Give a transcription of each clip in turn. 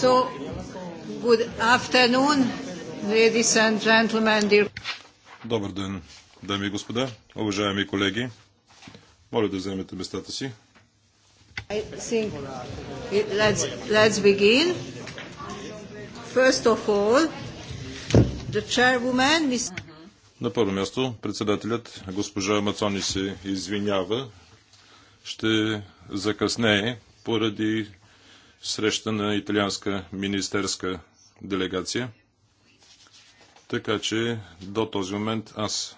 So, good afternoon, ladies and gentlemen, dear... Добър ден, дами и господа, уважаеми колеги. Моля да вземете местата си. I think it, let's, let's begin. First of all, the chairwoman, Miss... На първо място председателят госпожа Мацони се извинява. Ще закъснее поради среща на италианска министерска делегация. Така че до този момент аз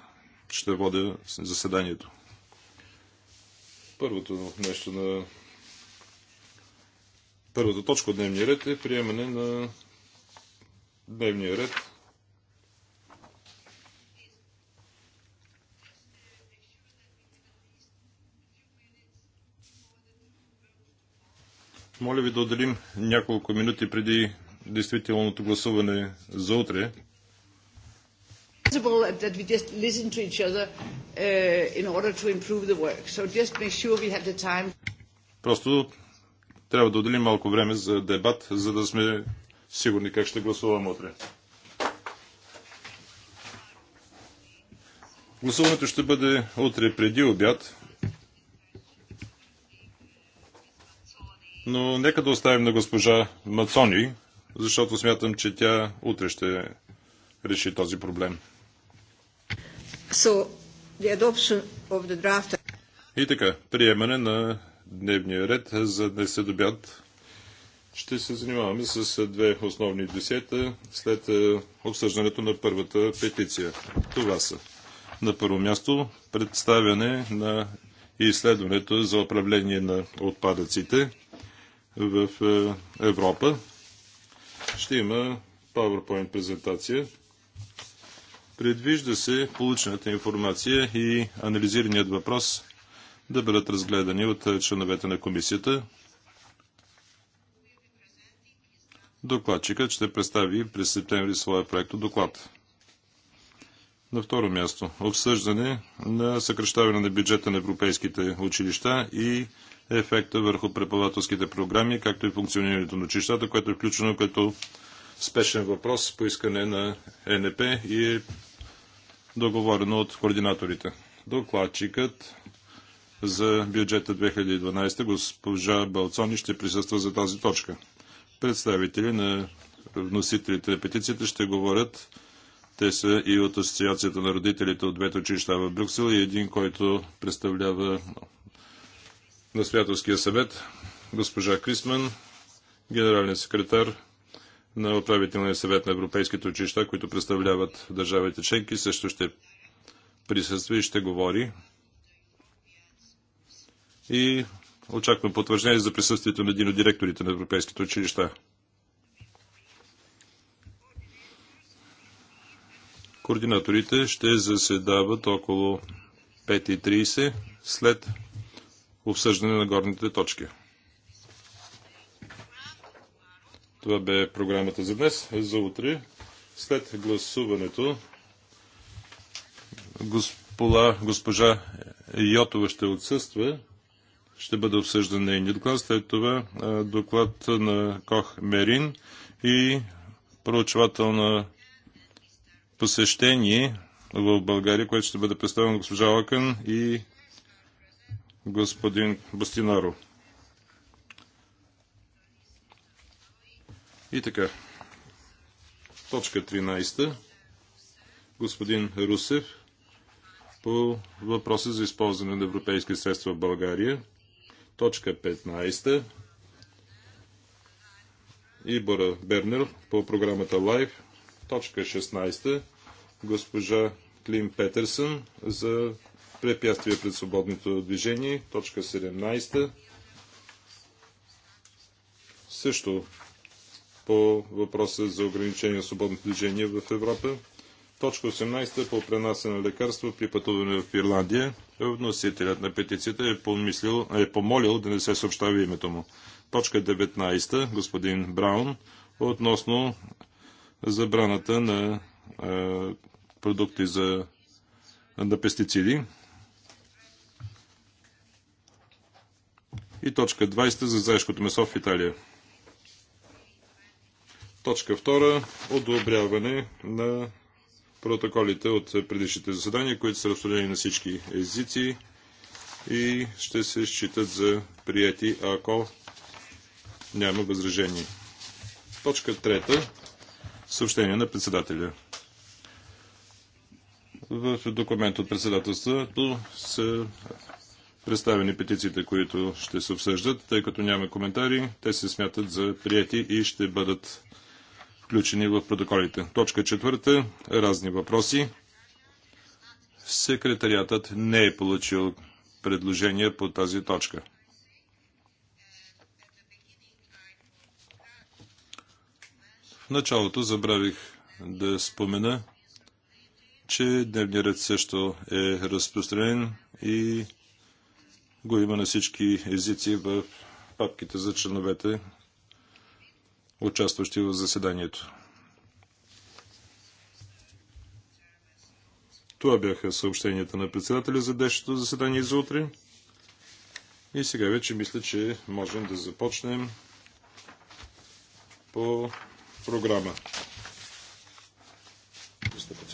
ще водя заседанието. Първото нещо на първата точка от дневния ред е приемане на дневния ред Моля ви да отделим няколко минути преди действителното гласуване за утре. That we just listen to each other uh, in order to improve the work. So just make sure we have the time. Просто трябва да отделим малко време за дебат, за да сме сигурни как ще гласуваме утре. Гласуването ще бъде утре преди обяд Но нека да оставим на госпожа Мацони, защото смятам, че тя утре ще реши този проблем. So, draft... И така, приемане на дневния ред за днес след обяд. Ще се занимаваме с две основни десета след е, обсъждането на първата петиция. Това са на първо място представяне на изследването за управление на отпадъците – в е, Европа. Ще има PowerPoint презентация. Предвижда се получената информация и анализираният въпрос да бъдат разгледани от е, членовете на комисията. Докладчикът ще представи през септември своя проект доклад. На второ място, обсъждане на съкръщаване на бюджета на европейските училища и ефекта върху преподавателските програми, както и функционирането на училищата, което е включено като спешен въпрос по искане на ЕНП и е договорено от координаторите. Докладчикът за бюджета 2012 госпожа Балцони ще присъства за тази точка. Представители на вносителите на петицията ще говорят. Те са и от Асоциацията на родителите от двете училища в Брюксел и един, който представлява на Святовския съвет, госпожа Крисман, генерален секретар на управителния съвет на европейските училища, които представляват държавите членки, също ще присъства и ще говори. И очаквам потвърждение за присъствието на един от директорите на европейските училища. Координаторите ще заседават около 5.30 след обсъждане на горните точки. Това бе програмата за днес. За утре, след гласуването, госпола, госпожа Йотова ще отсъства. Ще бъде обсъждан нейният доклад. След това доклад на Кох Мерин и проучвателна посещение в България, което ще бъде представено госпожа Лакън и господин Бастинаро. И така. Точка 13. Господин Русев по въпроса за използване на европейски средства в България. Точка 15. Ибора Бернер по програмата Live. Точка 16. Госпожа Клим Петерсън за препятствия пред свободното движение. Точка 17. Също по въпроса за ограничение на свободното движение в Европа. Точка 18 по пренасене на лекарства при пътуване в Ирландия. Вносителят на петицията е, помислил, е помолил да не се съобщава името му. Точка 19, господин Браун, относно забраната на е, продукти за, на пестициди. и точка 20 за заешкото месо в Италия. Точка 2. Одобряване на протоколите от предишните заседания, които са разпределени на всички езици и ще се считат за прияти, ако няма възражение. Точка 3. Съобщение на председателя. В документ от председателството са представени петициите, които ще се обсъждат. Тъй като няма коментари, те се смятат за прияти и ще бъдат включени в протоколите. Точка четвърта. Разни въпроси. Секретариатът не е получил предложения по тази точка. В началото забравих да спомена, че дневният ред също е разпространен и го има на всички езици в папките за членовете, участващи в заседанието. Това бяха съобщенията на председателя за днешното заседание за утре. И сега вече мисля, че можем да започнем по програма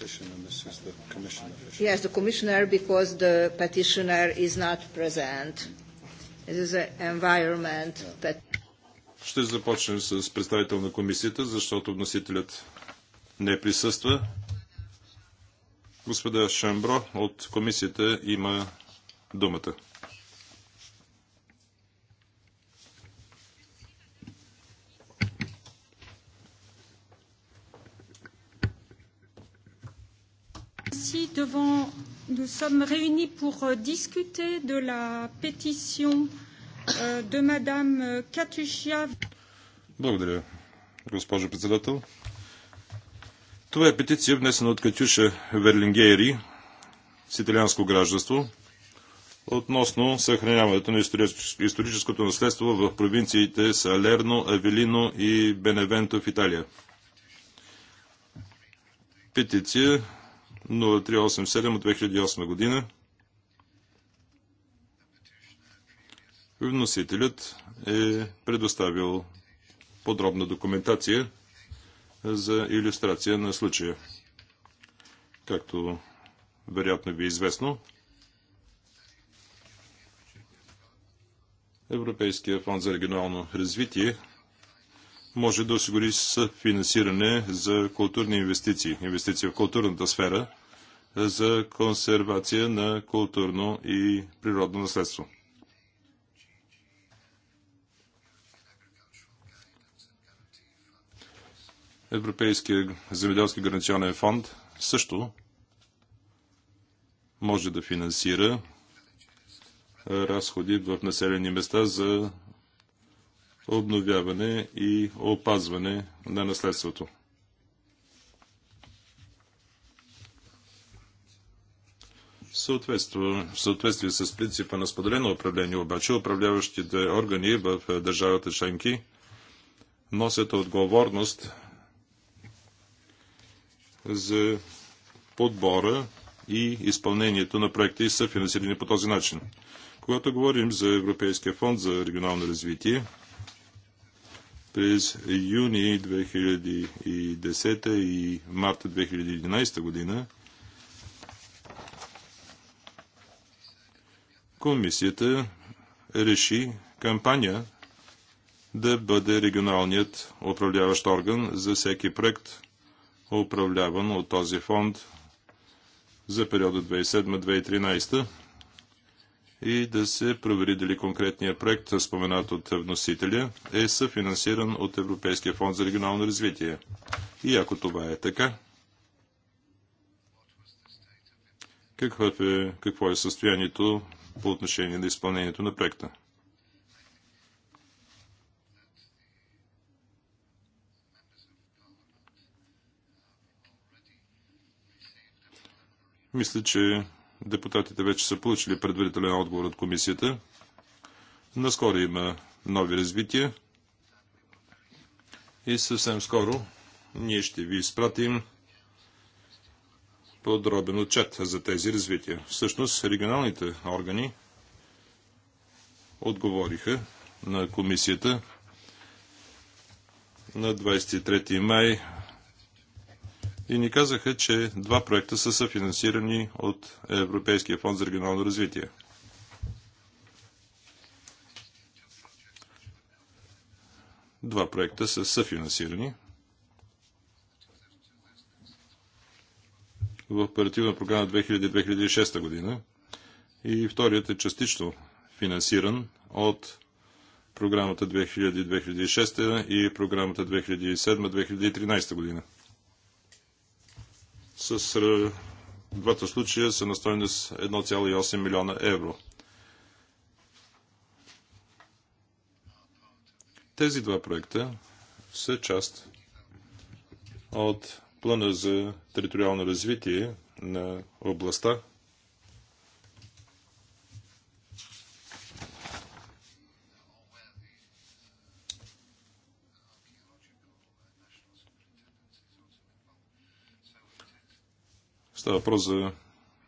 petition and this is the commission official. Yes, the commissioner because the petitioner is not present. It is an environment pet... Ще започнем с представител на комисията, защото вносителят не присъства. Господа Шамбро от комисията има думата. devant, nous sommes réunis pour euh, discuter de la pétition euh, de Madame Катюшия. Euh, Благодаря, госпожо председател. Това е петиция, внесена от Катюша Верлингери с италианско гражданство относно съхраняването на историческото наследство в провинциите Салерно, Авелино и Беневенто в Италия. Петиция 0387 от 2008 година. Вносителят е предоставил подробна документация за иллюстрация на случая. Както вероятно ви е известно, Европейския фонд за регионално развитие може да осигури финансиране за културни инвестиции, инвестиции в културната сфера за консервация на културно и природно наследство. Европейския земеделски гаранционен фонд също може да финансира разходи в населени места за обновяване и опазване на наследството. в съответствие с принципа на споделено управление, обаче управляващите органи в е, държавата членки носят отговорност за подбора и изпълнението на проекти, са финансирани по този начин. Когато говорим за Европейския фонд за регионално развитие, през юни 2010 и март 2011 година комисията реши кампания да бъде регионалният управляващ орган за всеки проект, управляван от този фонд за периода 2007-2013 и да се провери дали конкретния проект, споменат от вносителя, е съфинансиран от Европейския фонд за регионално развитие. И ако това е така, какво е, какво е състоянието по отношение на изпълнението на проекта? Мисля, че Депутатите вече са получили предварителен отговор от комисията. Наскоро има нови развития и съвсем скоро ние ще ви изпратим подробен отчет за тези развития. Всъщност регионалните органи отговориха на комисията на 23 май и ни казаха, че два проекта са съфинансирани от Европейския фонд за регионално развитие. Два проекта са съфинансирани в оперативна програма 2000-2006 година и вторият е частично финансиран от програмата 2000-2006 и програмата 2007-2013 година с е, двата случая са на стоеност 1,8 милиона евро. Тези два проекта са част от плана за териториално развитие на областта Става въпрос за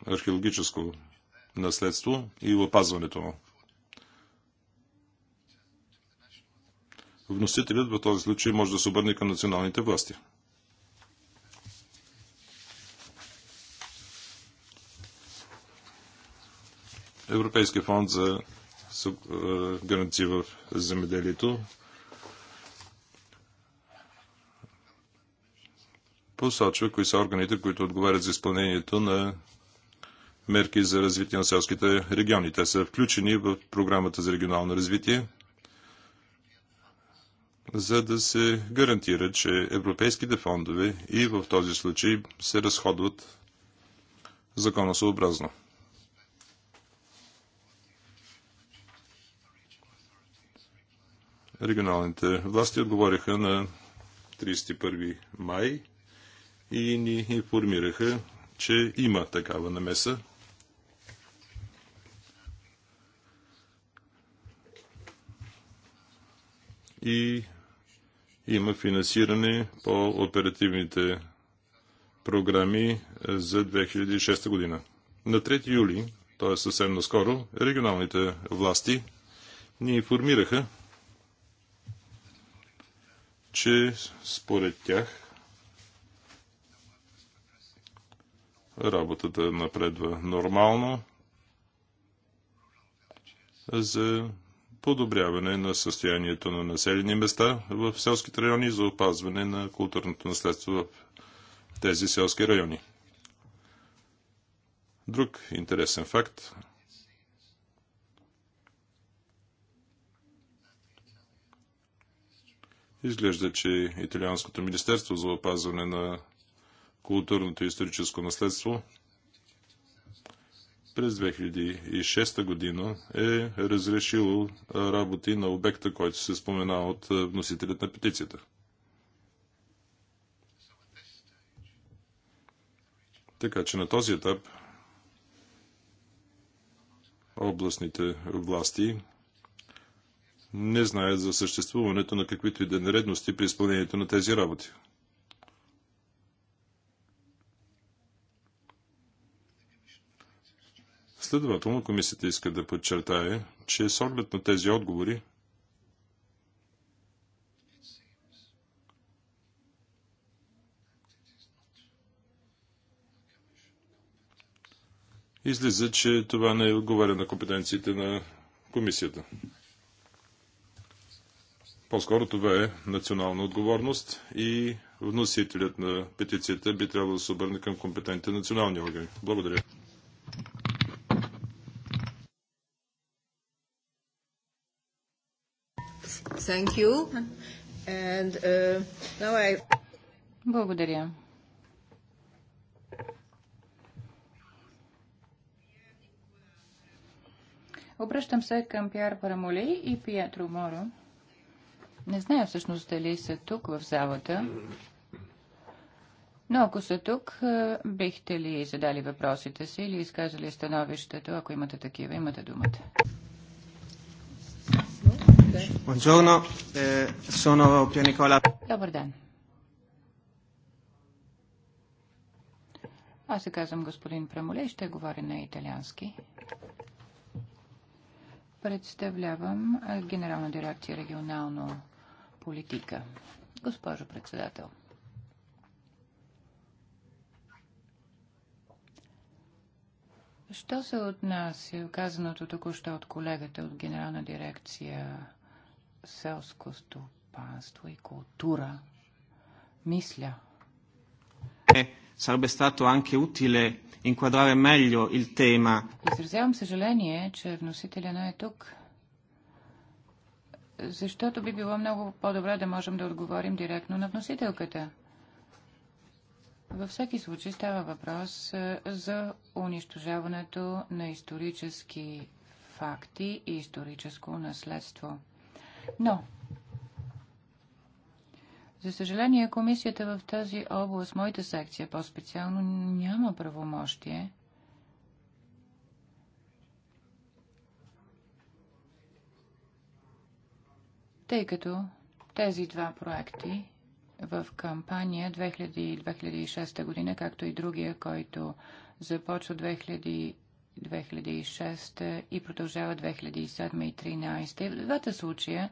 археологическо наследство и опазването му. Вносителят в този случай може да се обърне към националните власти. Европейски фонд за е, гаранции в земеделието посочва кои са органите, които отговарят за изпълнението на мерки за развитие на селските региони. Те са включени в програмата за регионално развитие, за да се гарантира, че европейските фондове и в този случай се разходват законосъобразно. Регионалните власти отговориха на 31 май и ни информираха, че има такава намеса. И има финансиране по оперативните програми за 2006 година. На 3 юли, т.е. съвсем наскоро, регионалните власти ни информираха, че според тях работата напредва нормално за подобряване на състоянието на населени места в селските райони и за опазване на културното наследство в тези селски райони. Друг интересен факт Изглежда, че Италианското министерство за опазване на културното и историческо наследство през 2006 година е разрешило работи на обекта, който се спомена от вносителят на петицията. Така че на този етап областните власти не знаят за съществуването на каквито и да е нередности при изпълнението на тези работи. Следователно, комисията иска да подчертае, че с оглед на тези отговори излиза, че това не отговаря на компетенциите на комисията. По-скоро това е национална отговорност и вносителят на петицията би трябвало да се обърне към компетентните национални органи. Благодаря. Thank you. And, uh, now I... Благодаря. Обръщам се към Пиар Парамоли и Пиетро Моро. Не зная всъщност дали са тук в залата, но ако са тук, е, бихте ли задали въпросите си или изказали становището, ако имате такива, имате думата. Buongiorno, eh, sono Pio Nicola. Добър ден. Аз се казвам господин Премоле и ще говоря на италиански. Представлявам Генерална дирекция регионално политика. Госпожо председател. Що се отнася казаното току-що от колегата от Генерална дирекция селско стопанство и култура. Мисля. Е, Sarebbe stato anche utile inquadrare meglio il tema. Изразявам съжаление, че вносителя не е тук, защото би било много по-добре да можем да отговорим директно на вносителката. Във всеки случай става въпрос е, за унищожаването на исторически факти и историческо наследство. Но, за съжаление, комисията в тази област, моята секция по-специално, няма правомощие тъй като тези два проекти в кампания 2000-2006 година, както и другия, който започва 2000 2006 и продължава 2007 и 2013. В двата случая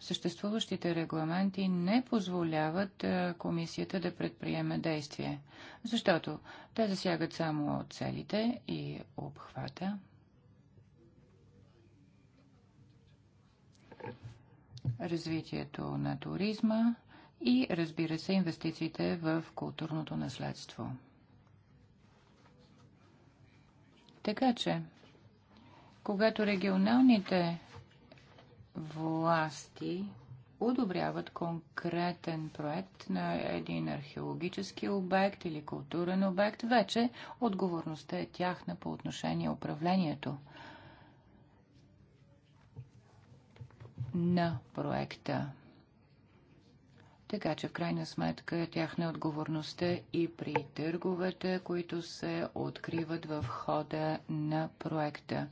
съществуващите регламенти не позволяват комисията да предприеме действие, защото те засягат само целите и обхвата. развитието на туризма и, разбира се, инвестициите в културното наследство. Така че, когато регионалните власти одобряват конкретен проект на един археологически обект или културен обект, вече отговорността е тяхна по отношение управлението на проекта. Така че в крайна сметка тяхна отговорността и при търговете, които се откриват в хода на проекта.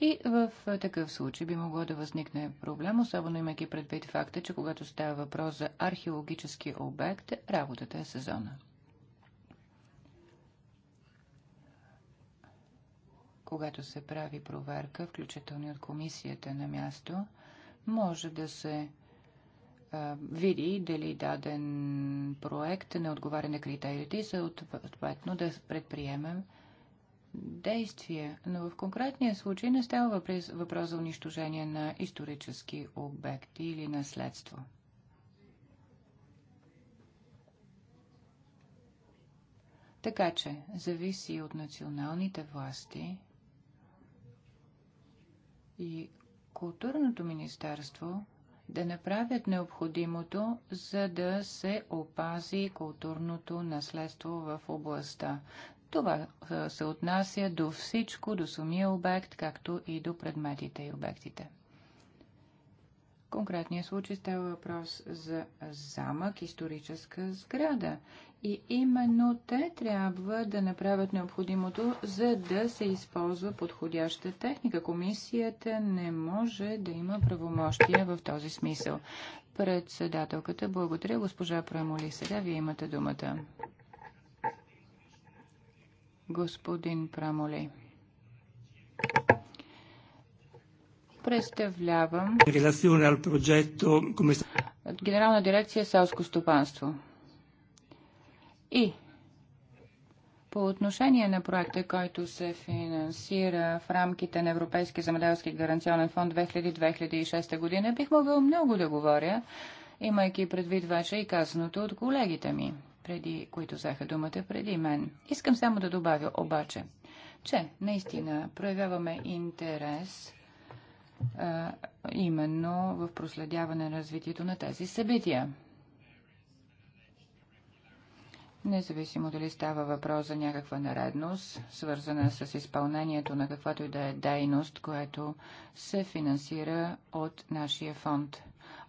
И в такъв случай би могло да възникне проблем, особено имайки предвид факта, че когато става въпрос за археологически обект, работата е сезона. Когато се прави проверка, включително и от комисията на място, може да се види дали даден проект не отговаря на критериите и съответно да предприемем действия. Но в конкретния случай не става въпрос за унищожение на исторически обекти или наследство. Така че зависи от националните власти и културното министерство да направят необходимото, за да се опази културното наследство в областта. Това се отнася до всичко, до самия обект, както и до предметите и обектите конкретния случай става въпрос за замък, историческа сграда. И именно те трябва да направят необходимото, за да се използва подходяща техника. Комисията не може да има правомощия в този смисъл. Председателката, благодаря. Госпожа Прамоли, сега вие имате думата. Господин Прамоли представлявам от Генерална дирекция селско стопанство. И по отношение на проекта, който се финансира в рамките на Европейския земеделски гаранционен фонд 2000-2006 година, бих могъл много да говоря, имайки предвид ваше и казаното от колегите ми, преди, които взеха думата преди мен. Искам само да добавя обаче, че наистина проявяваме интерес именно в проследяване на развитието на тези събития. Независимо дали става въпрос за някаква наредност, свързана с изпълнението на каквато и да е дейност, която се финансира от нашия фонд.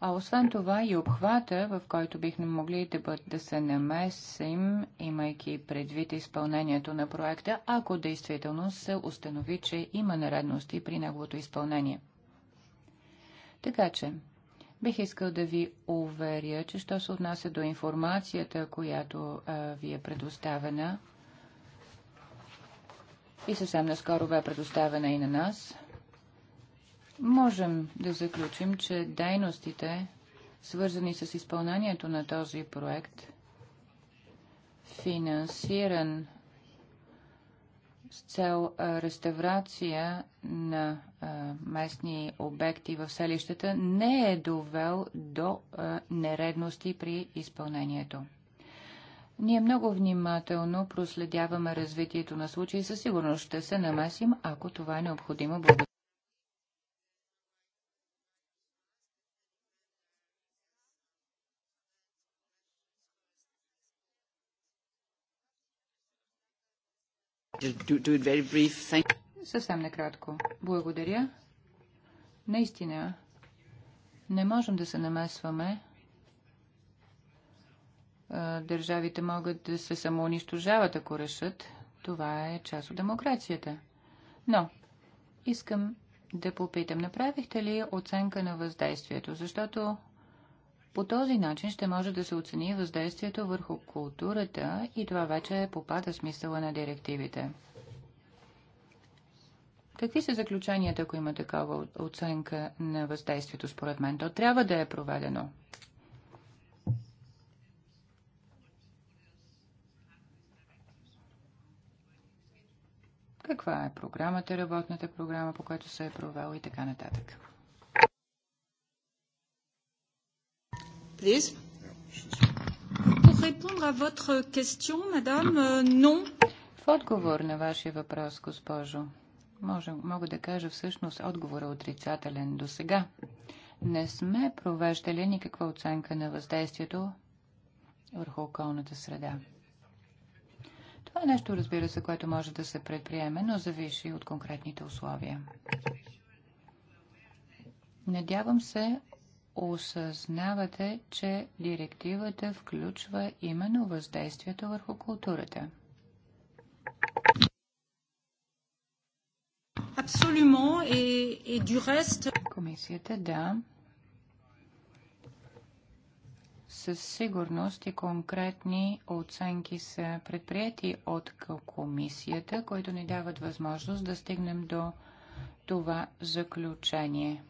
А освен това и обхвата, в който бихме могли да, бъд, да се намесим, имайки предвид изпълнението на проекта, ако действително се установи, че има наредности при неговото изпълнение. Така че, бих искал да ви уверя, че що се отнася до информацията, която а, ви е предоставена и съвсем наскоро бе предоставена и на нас, можем да заключим, че дейностите, свързани с изпълнението на този проект, финансиран с цел реставрация на местни обекти в селищата не е довел до нередности при изпълнението. Ние много внимателно проследяваме развитието на случаи и със сигурност ще се намесим, ако това е необходимо. Благодаря. do, it very brief. Thank... Съвсем накратко. Благодаря. Наистина, не можем да се намесваме. Държавите могат да се самоунищожават, ако решат. Това е част от демокрацията. Но искам да попитам, направихте ли оценка на въздействието? Защото по този начин ще може да се оцени въздействието върху културата и това вече попада смисъла на директивите. Какви са заключенията, ако има такава оценка на въздействието според мен? То трябва да е проведено. Каква е програмата, работната програма, по която се е провел и така нататък. please. Pour répondre à votre question, madame, euh, non. В отговор на вашия въпрос, госпожо, може, мога да кажа всъщност отговорът е отрицателен до сега. Не сме провеждали никаква оценка на въздействието върху околната среда. Това е нещо, разбира се, което може да се предприеме, но зависи от конкретните условия. Надявам се, осъзнавате, че директивата включва именно въздействието върху културата? Абсолютно. И, и du reste... Комисията, да. Със сигурност и конкретни оценки са предприяти от комисията, които ни дават възможност да стигнем до това заключение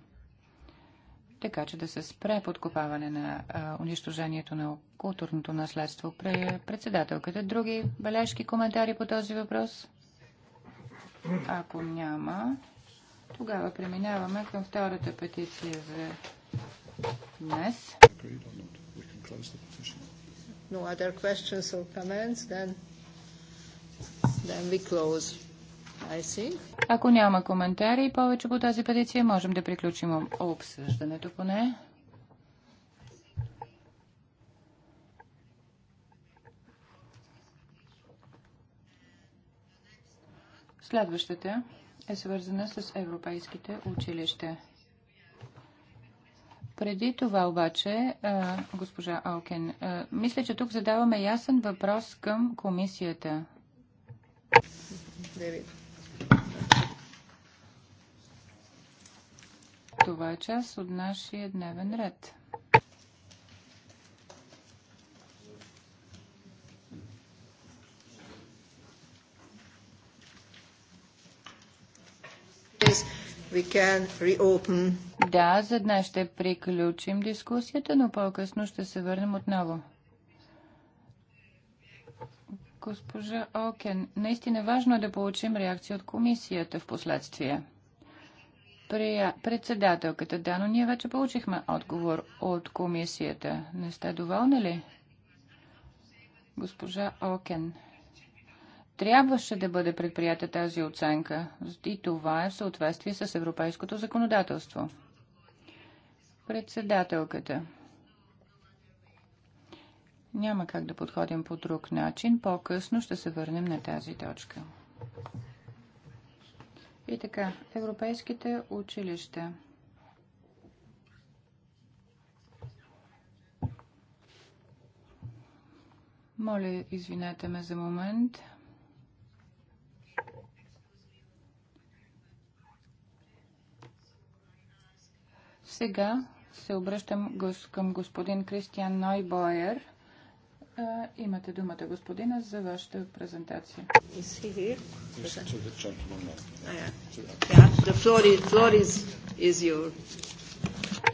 така че да се спре подкопаване на а, унищожението на културното наследство. при Председателката, други бележки, коментари по този въпрос? Ако няма, тогава преминаваме към втората петиция за днес. No other questions or comments, then, then we close. Ако няма коментари повече по тази петиция, можем да приключим обсъждането поне. Следващата е свързана с европейските училища. Преди това обаче, госпожа Алкен, мисля, че тук задаваме ясен въпрос към комисията. Девет. Това е част от нашия дневен ред. Да, за днес ще приключим дискусията, но по-късно ще се върнем отново. Госпожа Окен, наистина важно е да получим реакция от комисията в последствие. Председателката, Дано, ние вече получихме отговор от комисията. Не сте доволни ли? Госпожа Окен, трябваше да бъде предприята тази оценка и това е в съответствие с европейското законодателство. Председателката. Няма как да подходим по друг начин. По-късно ще се върнем на тази точка. И така, европейските училища. Моля, извинете ме за момент. Сега се обръщам към господин Кристиан Нойбойер – Имате думата, господина, за вашата презентация.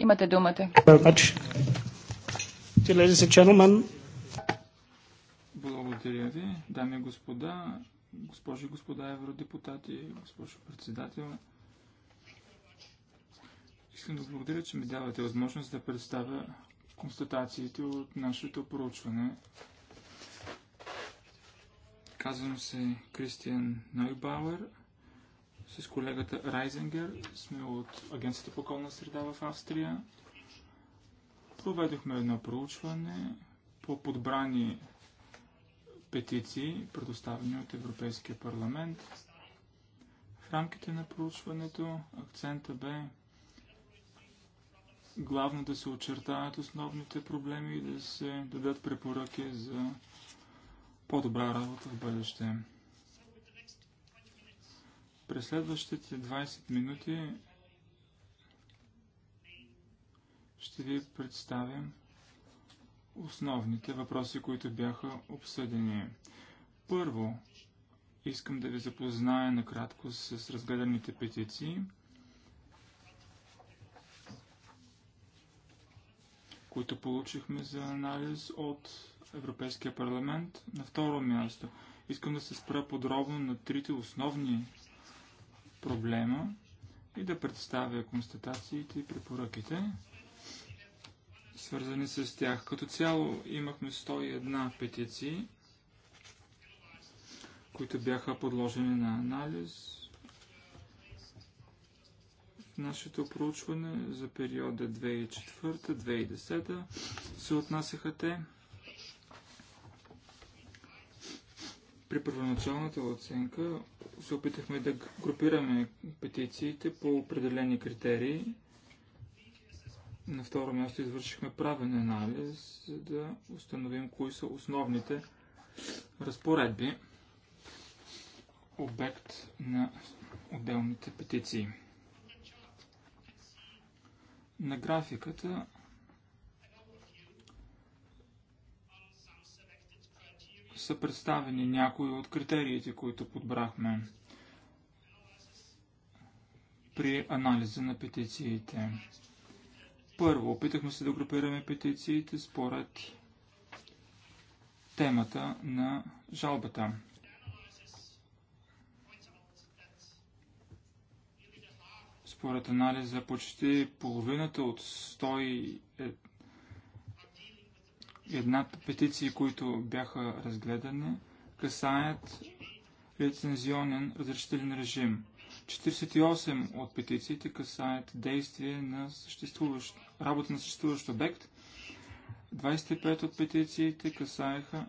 Имате думата. Благодаря ви, дами и господа, госпожи и господа евродепутати, госпожо председател. Искам да благодаря, че ми давате възможност да представя констатациите от нашето проучване. Казвам се Кристиан Нойбауер. С колегата Райзенгер сме от Агенцията по околна среда в Австрия. Проведохме едно проучване по подбрани петиции, предоставени от Европейския парламент. В рамките на проучването акцента бе главно да се очертаят основните проблеми и да се дадат препоръки за по-добра работа в бъдеще. През следващите 20 минути ще ви представим основните въпроси, които бяха обсъдени. Първо, искам да ви запозная накратко с разгледаните петиции – които получихме за анализ от Европейския парламент. На второ място искам да се спра подробно на трите основни проблема и да представя констатациите и препоръките, свързани с тях. Като цяло имахме 101 петиции, които бяха подложени на анализ нашето проучване за периода 2004-2010 се отнасяха те. При първоначалната оценка се опитахме да групираме петициите по определени критерии. На второ място извършихме правен анализ, за да установим кои са основните разпоредби, обект на отделните петиции на графиката са представени някои от критериите, които подбрахме при анализа на петициите. Първо, опитахме се да групираме петициите според темата на жалбата. Според анализа почти половината от 101 е- петиции, които бяха разгледани, касаят лицензионен разрешителен режим. 48 от петициите касаят действие на съществуващ, работа на съществуващ обект. 25 от петициите касаеха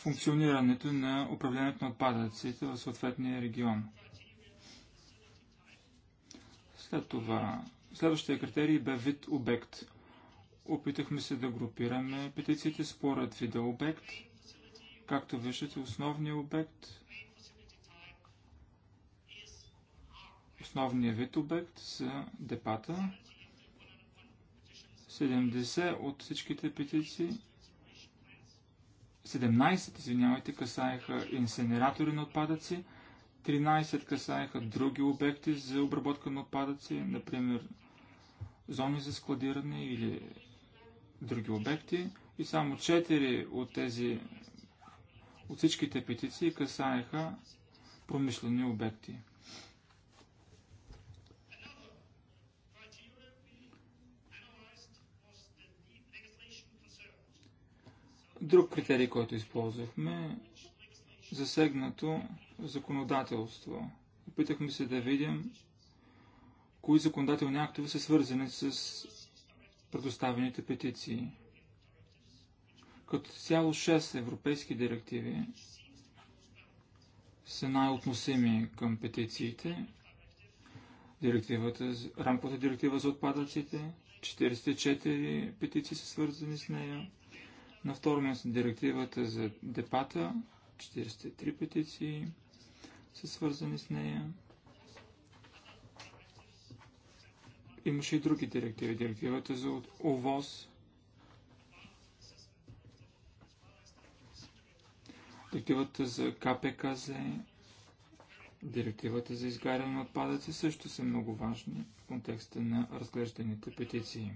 функционирането на управлението на отпадъците в съответния регион. След това, следващия критерий бе вид обект. Опитахме се да групираме петициите според вида обект. Както виждате, основният обект, основният вид обект са депата. 70 от всичките петиции 17, извинявайте, касаеха инсенератори на отпадъци, 13 касаеха други обекти за обработка на отпадъци, например зони за складиране или други обекти. И само 4 от тези, от всичките петиции касаеха промишлени обекти. Друг критерий, който използвахме, засегнато законодателство. Опитахме се да видим кои законодателни актове са свързани с предоставените петиции. Като цяло 6 европейски директиви са най-относими към петициите. Директивата, рамковата директива за отпадъците, 44 петиции са свързани с нея, на второ място директивата за депата, 43 петиции са свързани с нея. Имаше и други директиви. Директивата за ОВОз, директивата за КПКЗ, директивата за изгаряне на отпадъци също са много важни в контекста на разглежданите петиции.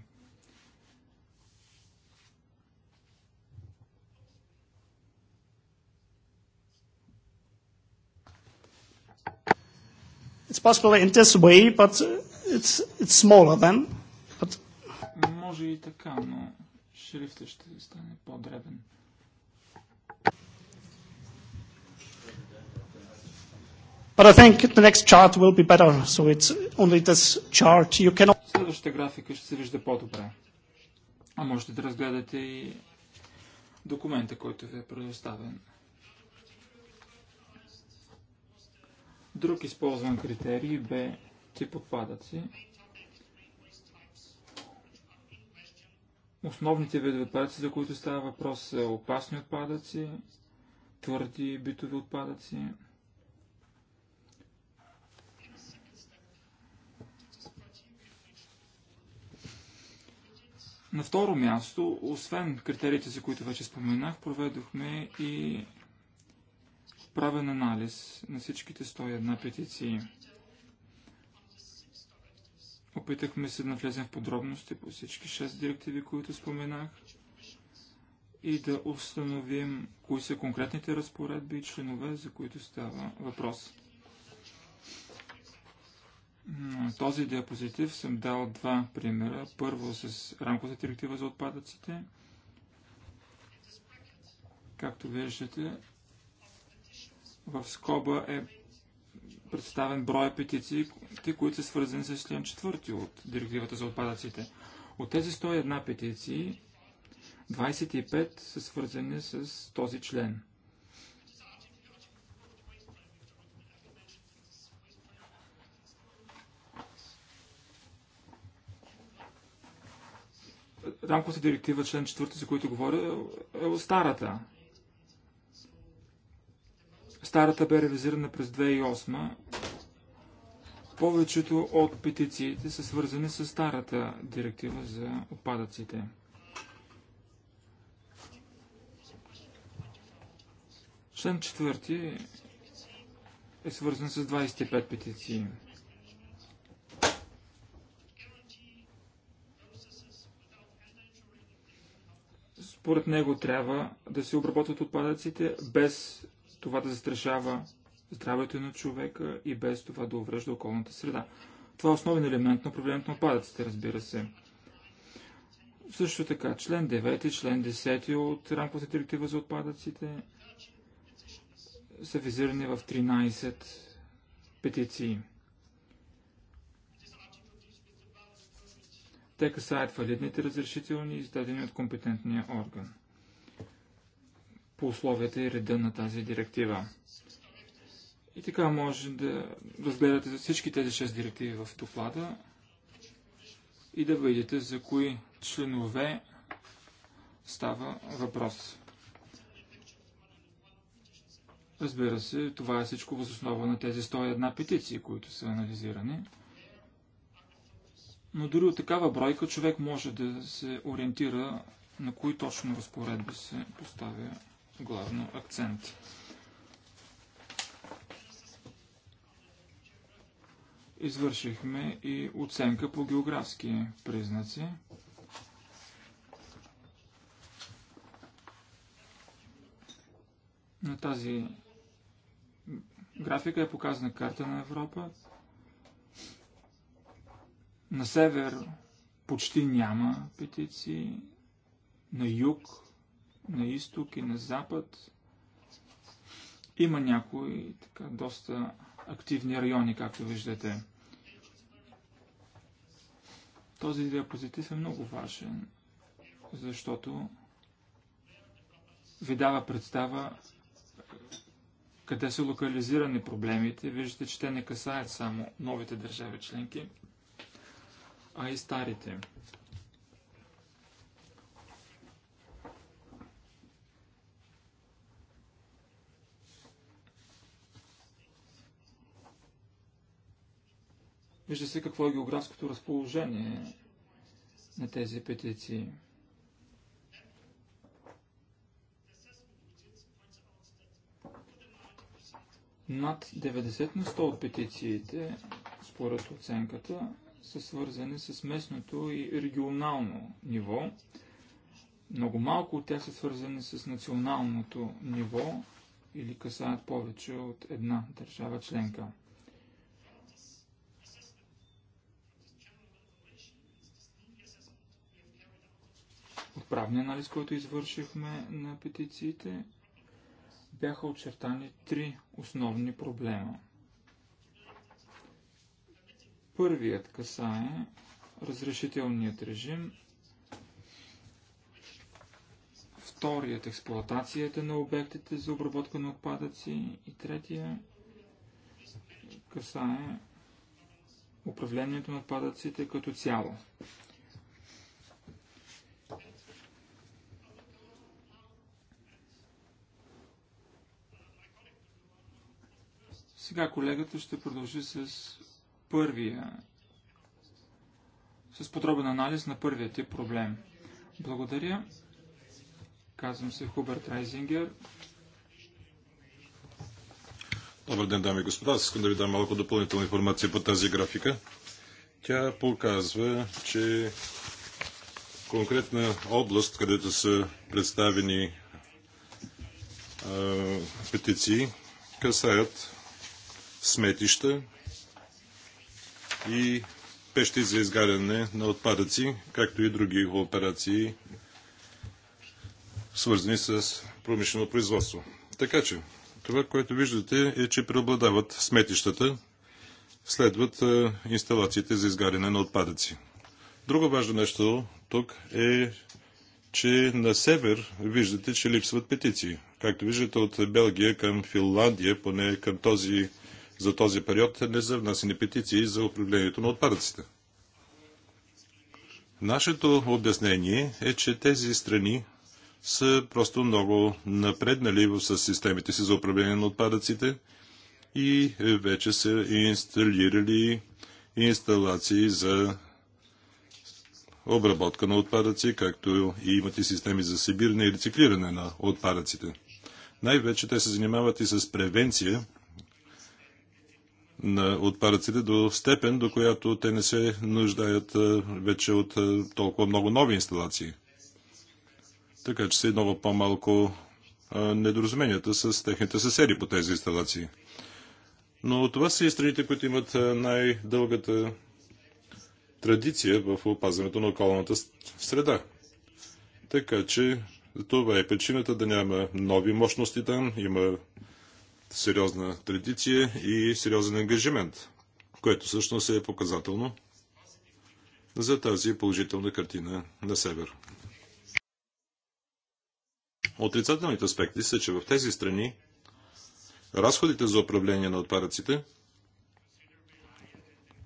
It's possible in this way, but uh, it's, it's smaller then. But... Може и така, но шрифтът ще стане по-дребен. But I think the next chart will be better, so it's only this chart. You cannot... Следващата графика ще се вижда по-добре. А можете да разгледате и документа, който ви е предоставен. Друг използван критерий бе тип отпадъци. Основните видове отпадъци, за които става въпрос, са опасни отпадъци, твърди битови отпадъци. На второ място, освен критериите, за които вече споменах, проведохме и правен анализ на всичките 101 петиции. Опитахме се да навлезем в подробности по всички 6 директиви, които споменах и да установим кои са конкретните разпоредби и членове, за които става въпрос. На този диапозитив съм дал два примера. Първо с рамковата директива за отпадъците. Както виждате, в скоба е представен броя петиции, които са свързани с член 4 от директивата за отпадъците. От тези 101 петиции, 25 са свързани с този член. Рамковата директива, член 4, за който говоря, е, е старата. Старата бе реализирана през 2008. Повечето от петициите са свързани с старата директива за отпадъците. Член 4 е свързан с 25 петиции. Според него трябва да се обработват отпадъците без това да застрашава здравето на човека и без това да уврежда околната среда. Това е основен елемент на управлението на отпадъците, разбира се. Също така, член 9 и член 10 от рамковата директива за отпадъците са визирани в 13 петиции. Те касаят валидните разрешителни, издадени от компетентния орган по условията и реда на тази директива. И така може да разгледате всички тези 6 директиви в доклада и да видите за кои членове става въпрос. Разбира се, това е всичко въз основа на тези 101 петиции, които са анализирани. Но дори от такава бройка човек може да се ориентира на кои точно разпоредби се поставя главно акцент. Извършихме и оценка по географски признаци. На тази графика е показана карта на Европа. На север почти няма петиции. На юг на изток и на запад. Има някои така, доста активни райони, както виждате. Този диапозитив е много важен, защото ви дава представа къде са локализирани проблемите. Виждате, че те не касаят само новите държави членки, а и старите. Вижда се какво е географското разположение на тези петиции. Над 90 на 100 от петициите, според оценката, са свързани с местното и регионално ниво. Много малко от тях са свързани с националното ниво или касаят повече от една държава членка. правния анализ, който извършихме на петициите, бяха очертани три основни проблема. Първият касае разрешителният режим, вторият експлоатацията на обектите за обработка на отпадъци и третия касае управлението на отпадъците като цяло. Сега колегата ще продължи с първия, с подробен анализ на първия тип проблем. Благодаря. Казвам се Хуберт Райзингер. Добър ден, дами и господа. искам да ви дам малко допълнителна информация по тази графика. Тя показва, че конкретна област, където са представени а, петиции, касаят сметища и пещи за изгаряне на отпадъци, както и други операции, свързани с промишлено производство. Така че, това, което виждате е, че преобладават сметищата, следват е, инсталациите за изгаряне на отпадъци. Друго важно нещо тук е, че на север виждате, че липсват петиции. Както виждате от Белгия към Финландия, поне към този за този период не са внасени петиции за управлението на отпадъците. Нашето обяснение е, че тези страни са просто много напреднали с системите си за управление на отпадъците и вече са инсталирали инсталации за обработка на отпадъци, както и имат и системи за събиране и рециклиране на отпадъците. Най-вече те се занимават и с превенция на отпадъците до степен, до която те не се нуждаят вече от толкова много нови инсталации. Така че са и много по-малко недоразуменията с техните съседи по тези инсталации. Но това са и страните, които имат най-дългата традиция в опазването на околната среда. Така че това е причината да няма нови мощности там, има сериозна традиция и сериозен ангажимент, което всъщност е показателно за тази положителна картина на север. Отрицателните аспекти са, че в тези страни разходите за управление на отпадъците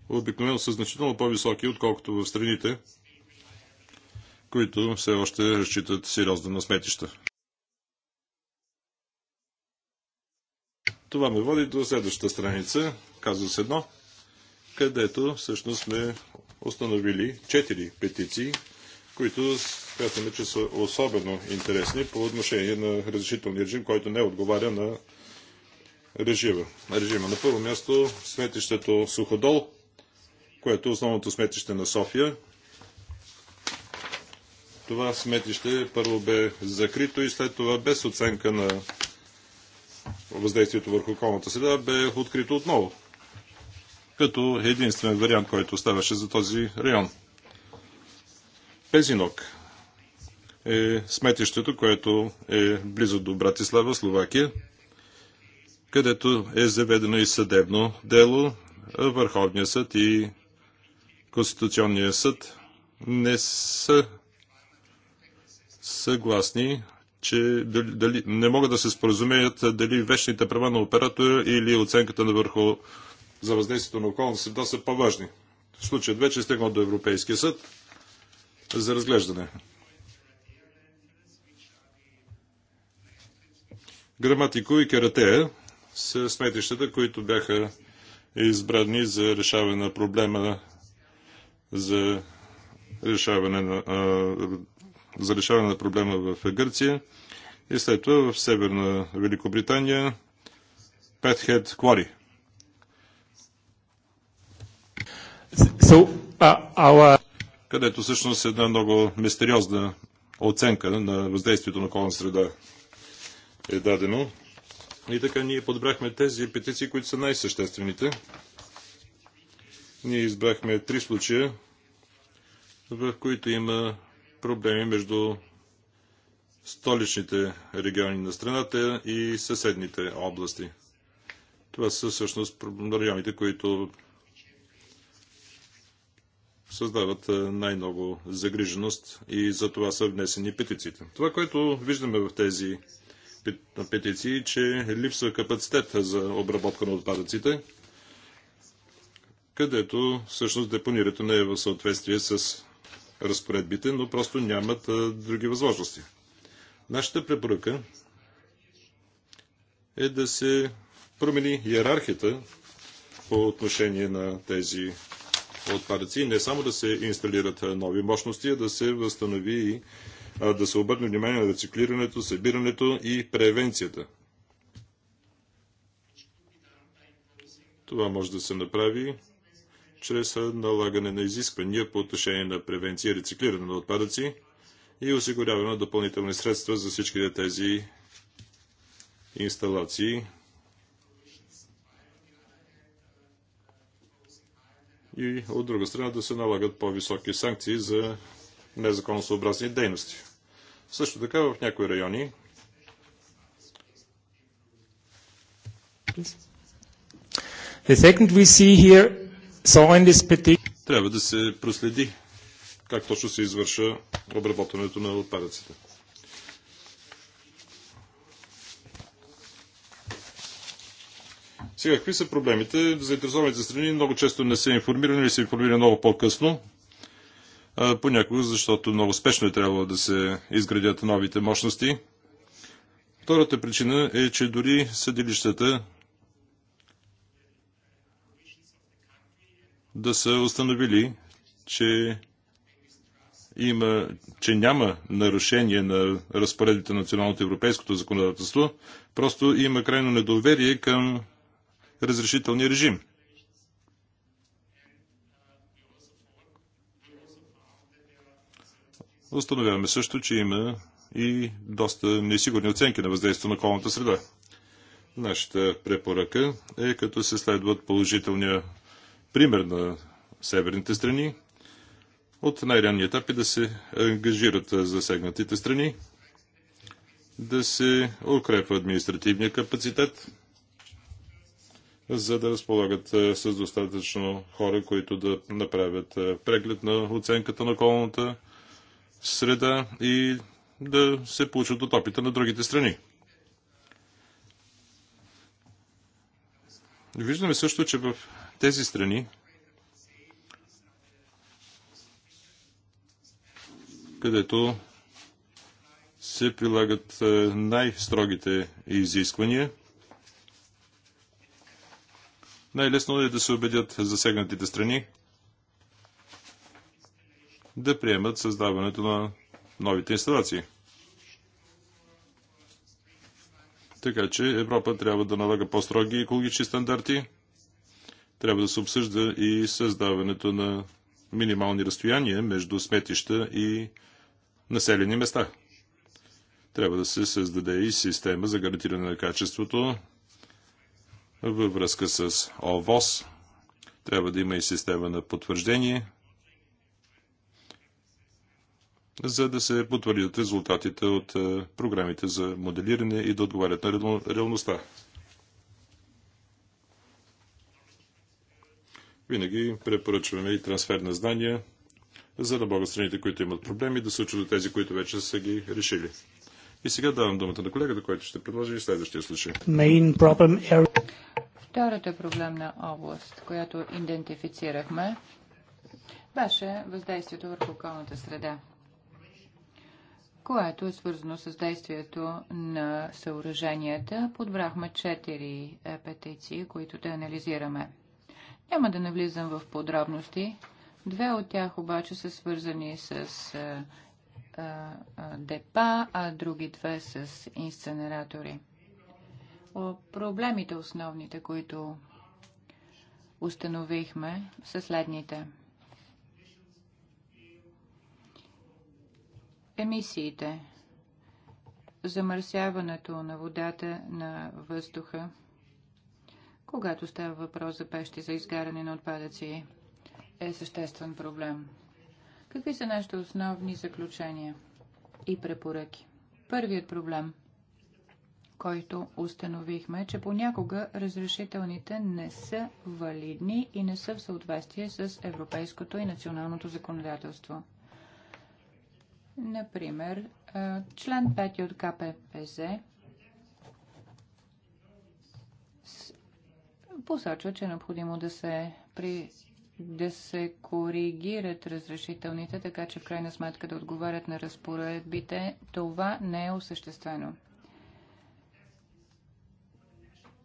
обикновено са значително по-високи, отколкото в страните, които все още разчитат сериозно на сметища. Това ме води до следващата страница, казус едно, където всъщност сме установили четири петиции, които смятаме, че са особено интересни по отношение на разрешителния режим, който не отговаря на режима. режима. На първо място сметището Суходол, което е основното сметище на София. Това сметище първо бе закрито и след това без оценка на въздействието върху околната среда бе открито отново, като единствен вариант, който оставаше за този район. Пезинок е сметището, което е близо до Братислава, Словакия, където е заведено и съдебно дело. Върховният съд и Конституционният съд не са съгласни че дали, дали, не могат да се споразумеят дали вечните права на оператора или оценката на върху за въздействието на околната среда са по-важни. Случаят вече е стигнал до Европейския съд за разглеждане. Граматико и Каратея са сметищата, които бяха избрани за решаване на проблема за решаване на за решаване на проблема в Гърция и след това в Северна Великобритания Петхед Квари. So, uh, our... Където всъщност е една много мистериозна оценка на въздействието на околна среда е дадено. И така ние подбрахме тези петиции, които са най-съществените. Ние избрахме три случая, в които има проблеми между столичните региони на страната и съседните области. Това са всъщност районите, които създават най-много загриженост и за това са внесени петициите. Това, което виждаме в тези петиции, е, че липсва капацитет за обработка на отпадъците, където всъщност депонирането не е в съответствие с разпоредбите, но просто нямат а, други възможности. Нашата препоръка е да се промени иерархията по отношение на тези отпадъци. Не само да се инсталират нови мощности, а да се възстанови и да се обърне внимание на рециклирането, събирането и превенцията. Това може да се направи чрез налагане на изисквания по отношение на превенция и рециклиране на отпадъци и осигуряване на допълнителни средства за всички тези инсталации. И от друга страна да се налагат по-високи санкции за незаконосъобразни дейности. Също така в някои райони The second we see here трябва да се проследи как точно се извърша обработването на отпадъците. Сега, какви са проблемите? Заинтересованите страни много често не са информирани или се информира много по-късно. Понякога, защото много спешно е трябвало да се изградят новите мощности. Втората причина е, че дори съдилищата да са установили, че има, че няма нарушение на разпоредите на националното европейското законодателство, просто има крайно недоверие към разрешителния режим. Установяваме също, че има и доста несигурни оценки на въздействието на околната среда. Нашата препоръка е като се следват положителния пример на северните страни от най-ранни етапи е да се ангажират засегнатите страни, да се укрепва административния капацитет, за да разполагат с достатъчно хора, които да направят преглед на оценката на околната среда и да се получат от опита на другите страни. Виждаме също, че в тези страни където се прилагат е, най-строгите изисквания. Най-лесно е да се убедят засегнатите страни да приемат създаването на новите инсталации. Така че Европа трябва да налага по-строги екологични стандарти – трябва да се обсъжда и създаването на минимални разстояния между сметища и населени места. Трябва да се създаде и система за гарантиране на качеството във връзка с ОВОС. Трябва да има и система на потвърждение, за да се потвърдят резултатите от програмите за моделиране и да отговарят на реалността. винаги препоръчваме и трансфер на знания, за да могат страните, които имат проблеми, да се учат от тези, които вече са ги решили. И сега давам думата на колегата, който ще предложи и следващия случай. Втората проблемна област, която идентифицирахме, беше въздействието върху околната среда, което е свързано с действието на съоръженията. Подбрахме четири е, петиции, които да анализираме. Няма да навлизам в подробности. Две от тях обаче са свързани с а, е, а, е, е, депа, а други две с инсценератори. О, проблемите основните, които установихме, са следните. Емисиите, замърсяването на водата, на въздуха – когато става въпрос за пещи за изгаряне на отпадъци, е съществен проблем. Какви са нашите основни заключения и препоръки? Първият проблем, който установихме, е, че понякога разрешителните не са валидни и не са в съответствие с европейското и националното законодателство. Например, член 5 от КППЗ посочва, че е необходимо да се, при, да се коригират разрешителните, така че в крайна сметка да отговарят на разпоредбите. Това не е осъществено.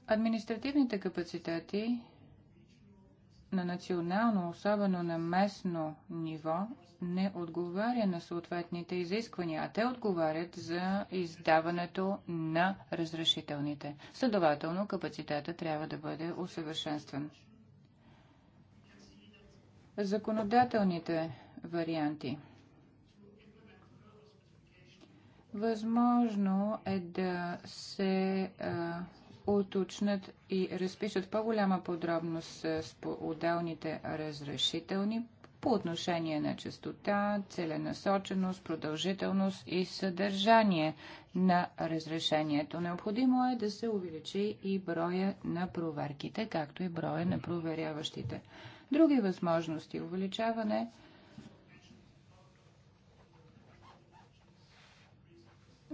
Административните капацитети на национално, особено на местно ниво, не отговаря на съответните изисквания, а те отговарят за издаването на разрешителните. Следователно, капацитета трябва да бъде усъвършенстван. Законодателните варианти. Възможно е да се а, уточнат и разпишат по-голяма подробност с отделните разрешителни по отношение на частота, целенасоченост, продължителност и съдържание на разрешението. Необходимо е да се увеличи и броя на проверките, както и броя на проверяващите. Други възможности увеличаване –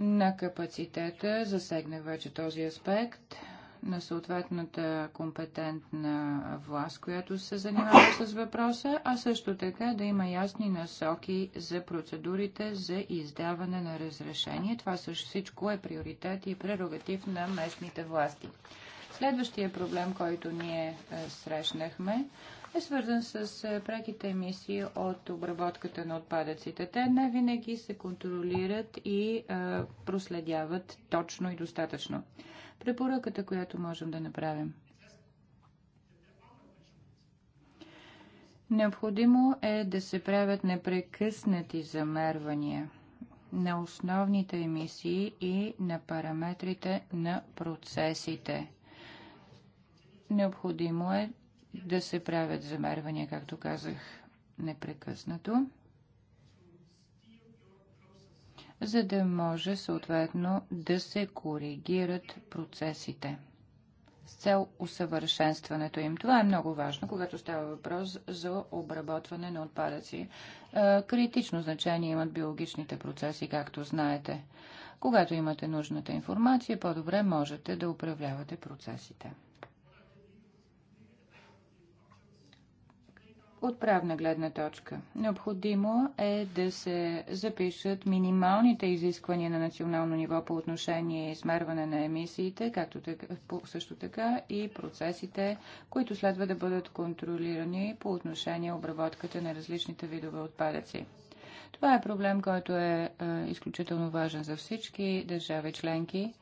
на капацитета, засегне вече този аспект на съответната компетентна власт, която се занимава с въпроса, а също така да има ясни насоки за процедурите за издаване на разрешение. Това също всичко е приоритет и прерогатив на местните власти. Следващия проблем, който ние е, срещнахме, е свързан с е, преките емисии от обработката на отпадъците. Те не винаги се контролират и е, проследяват точно и достатъчно. Препоръката, която можем да направим. Необходимо е да се правят непрекъснати замервания на основните емисии и на параметрите на процесите Необходимо е да се правят замервания, както казах, непрекъснато, за да може съответно да се коригират процесите с цел усъвършенстването им. Това е много важно, когато става въпрос за обработване на отпадъци. Е, критично значение имат биологичните процеси, както знаете. Когато имате нужната информация, по-добре можете да управлявате процесите. От правна гледна точка, необходимо е да се запишат минималните изисквания на национално ниво по отношение измерване на емисиите, както така, също така и процесите, които следва да бъдат контролирани по отношение обработката на различните видове отпадъци. Това е проблем, който е, е изключително важен за всички държави членки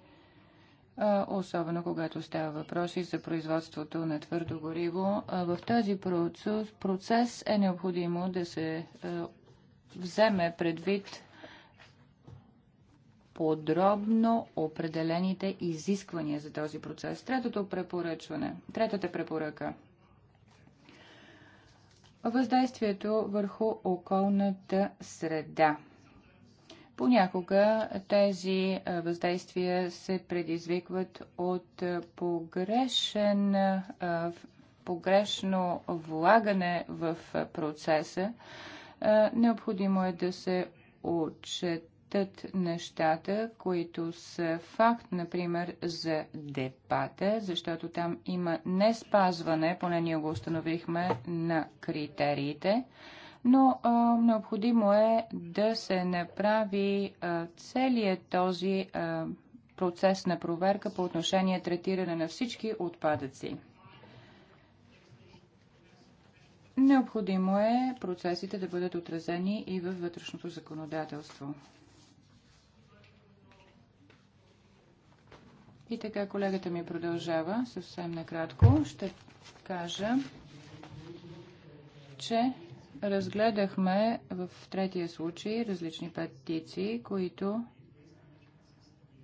особено когато става въпроси за производството на твърдо гориво. В тази процес е необходимо да се вземе предвид подробно определените изисквания за този процес. Третото препоръчване, третата препоръка – въздействието върху околната среда. Понякога тези въздействия се предизвикват от погрешен, погрешно влагане в процеса. Необходимо е да се отчетат нещата, които са факт, например, за депата, защото там има не спазване, поне ние го установихме, на критериите но а, необходимо е да се направи а, целият този а, процес на проверка по отношение третиране на всички отпадъци. Необходимо е процесите да бъдат отразени и във вътрешното законодателство. И така колегата ми продължава съвсем накратко. Ще кажа, че разгледахме в третия случай различни петиции, които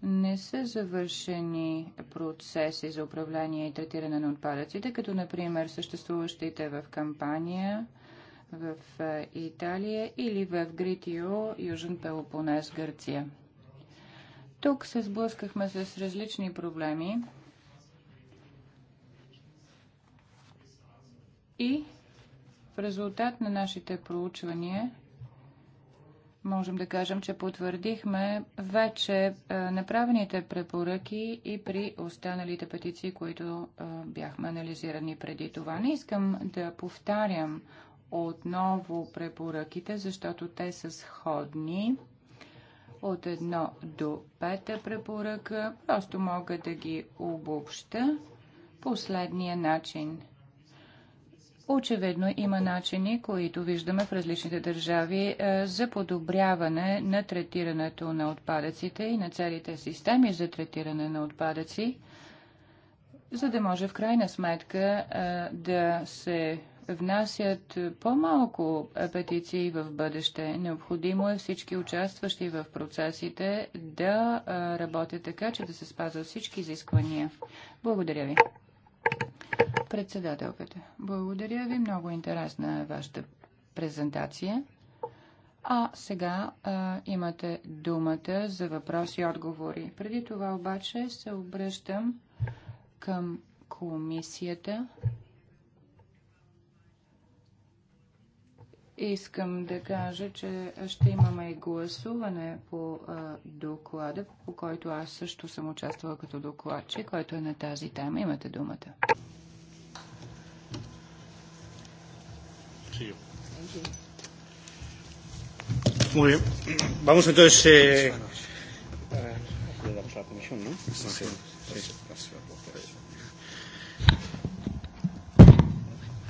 не са завършени процеси за управление и третиране на отпадъците, като например съществуващите в кампания в Италия или в Гритио, Южен Пелопонес, Гърция. Тук се сблъскахме с различни проблеми и в резултат на нашите проучвания можем да кажем, че потвърдихме вече е, направените препоръки и при останалите петиции, които е, бяхме анализирани преди това. Не искам да повтарям отново препоръките, защото те са сходни от 1 до 5 препоръка. Просто мога да ги обобща последния начин – Очевидно има начини, които виждаме в различните държави е, за подобряване на третирането на отпадъците и на целите системи за третиране на отпадъци, за да може в крайна сметка е, да се внасят по-малко петиции в бъдеще. Необходимо е всички участващи в процесите да е, работят така, че да се спазват всички изисквания. Благодаря ви. Председателката, благодаря ви. Много интересна е вашата презентация. А сега а, имате думата за въпроси и отговори. Преди това обаче се обръщам към комисията. Искам да кажа, че ще имаме и гласуване по а, доклада, по който аз също съм участвала като докладчик, който е на тази тема. Имате думата. Muy bien. Vamos entonces. Le damos a la comisión, ¿no?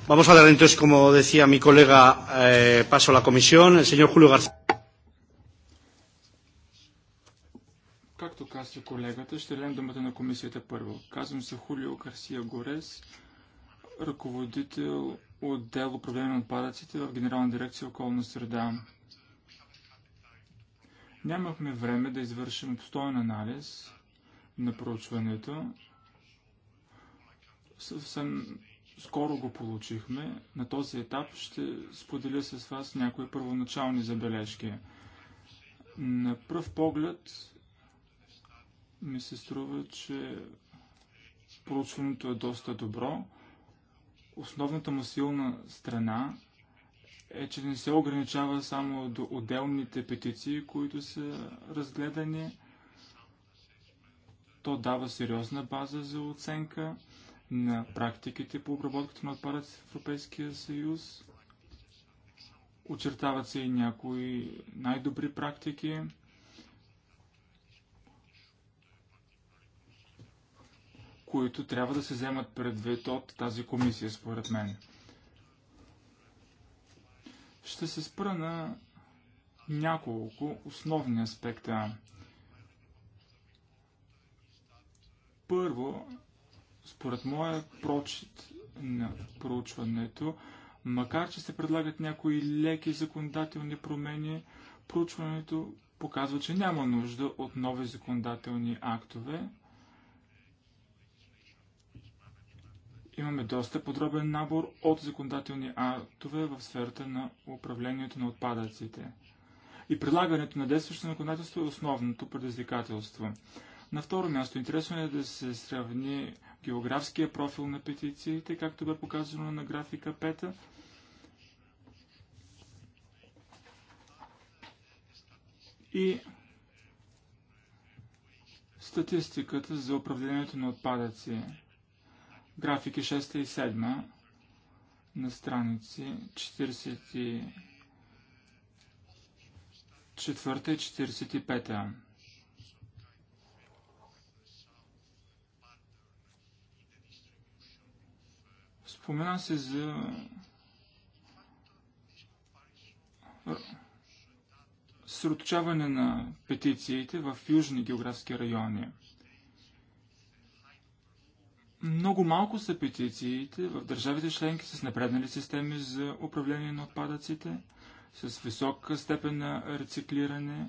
Vamos a dar entonces, como decía mi colega, eh, paso a la comisión. El señor Julio García. Както каза колегата, ще дадем думата на комисията първо. Казвам се Хулио Гарсия Горес, ръководител отдел управление на отпадъците в Генерална дирекция околна среда. Нямахме време да извършим обстоен анализ на проучването. Съвсем скоро го получихме. На този етап ще споделя с вас някои първоначални забележки. На пръв поглед ми се струва, че проучването е доста добро. Основната му силна страна е, че не се ограничава само до отделните петиции, които са разгледани. То дава сериозна база за оценка на практиките по обработката на отпадъци в Европейския съюз. Очертават се и някои най-добри практики. които трябва да се вземат предвид от тази комисия, според мен. Ще се спра на няколко основни аспекта. Първо, според моя прочит на проучването, макар че се предлагат някои леки законодателни промени, проучването показва, че няма нужда от нови законодателни актове, Имаме доста подробен набор от законодателни актове в сферата на управлението на отпадъците. И прилагането на действащото законодателство е основното предизвикателство. На второ място, интересно е да се сравни географския профил на петициите, както бе показано на графика 5. И статистиката за управлението на отпадъци графики 6 и 7 на страници 44 и 45. Спомена се за сроточаване на петициите в южни географски райони – много малко са петициите в държавите членки с напреднали системи за управление на отпадъците, с висока степен на рециклиране.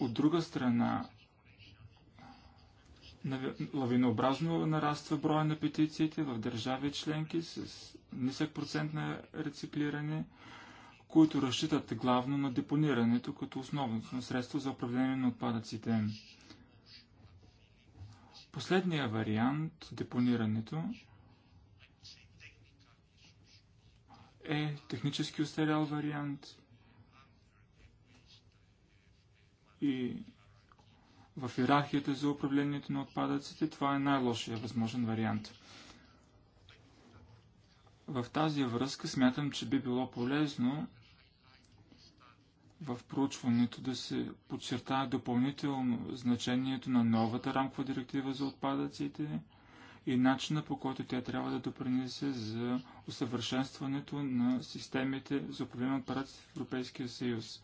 От друга страна, лавинообразно нараства броя на петициите в държави членки с нисък процент на рециклиране, които разчитат главно на депонирането като основно средство за управление на отпадъците. Последния вариант, депонирането, е технически устарял вариант и в иерархията за управлението на отпадъците това е най-лошия възможен вариант. В тази връзка смятам, че би било полезно в проучването да се подчертае допълнително значението на новата рамкова директива за отпадъците и начина по който тя трябва да допринесе за усъвършенстването на системите за управление на отпадъците в Европейския съюз.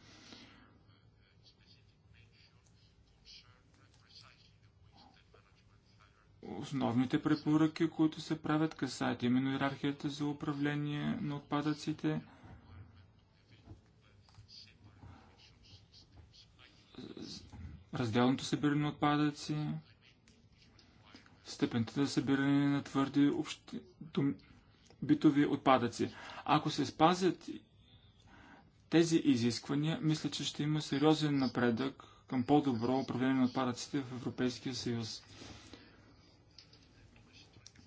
Основните препоръки, които се правят, касаят именно иерархията за управление на отпадъците – разделното събиране на отпадъци, степента за събиране на твърди общи, битови отпадъци. Ако се спазят тези изисквания, мисля, че ще има сериозен напредък към по-добро управление на отпадъците в Европейския съюз.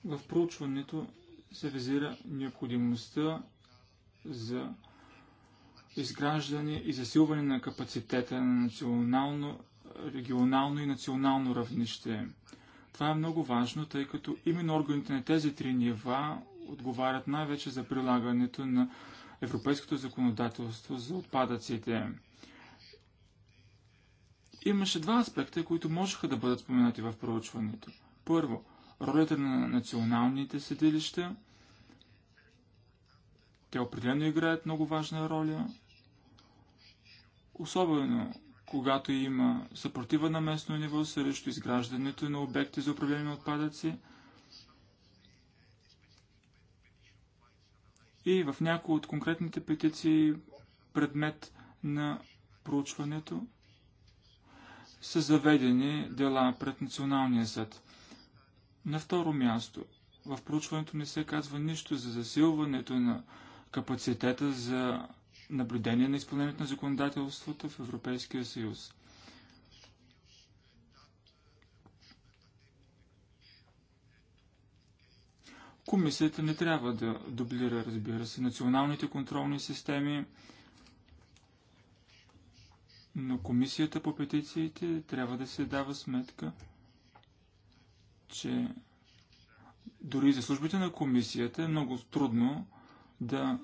В проучването се визира необходимостта за изграждане и засилване на капацитета на национално регионално и национално равнище. Това е много важно, тъй като именно органите на тези три нива отговарят най-вече за прилагането на европейското законодателство за отпадъците. Имаше два аспекта, които можеха да бъдат споменати в проучването. Първо, ролята на националните съдилища. Те определено играят много важна роля, особено когато има съпротива на местно ниво срещу изграждането на обекти за управление на отпадъци. И в някои от конкретните петиции предмет на проучването са заведени дела пред Националния съд. На второ място, в проучването не се казва нищо за засилването на капацитета за наблюдение на изпълнението на законодателството в Европейския съюз. Комисията не трябва да дублира, разбира се, националните контролни системи, но Комисията по петициите трябва да се дава сметка, че дори за службите на Комисията е много трудно да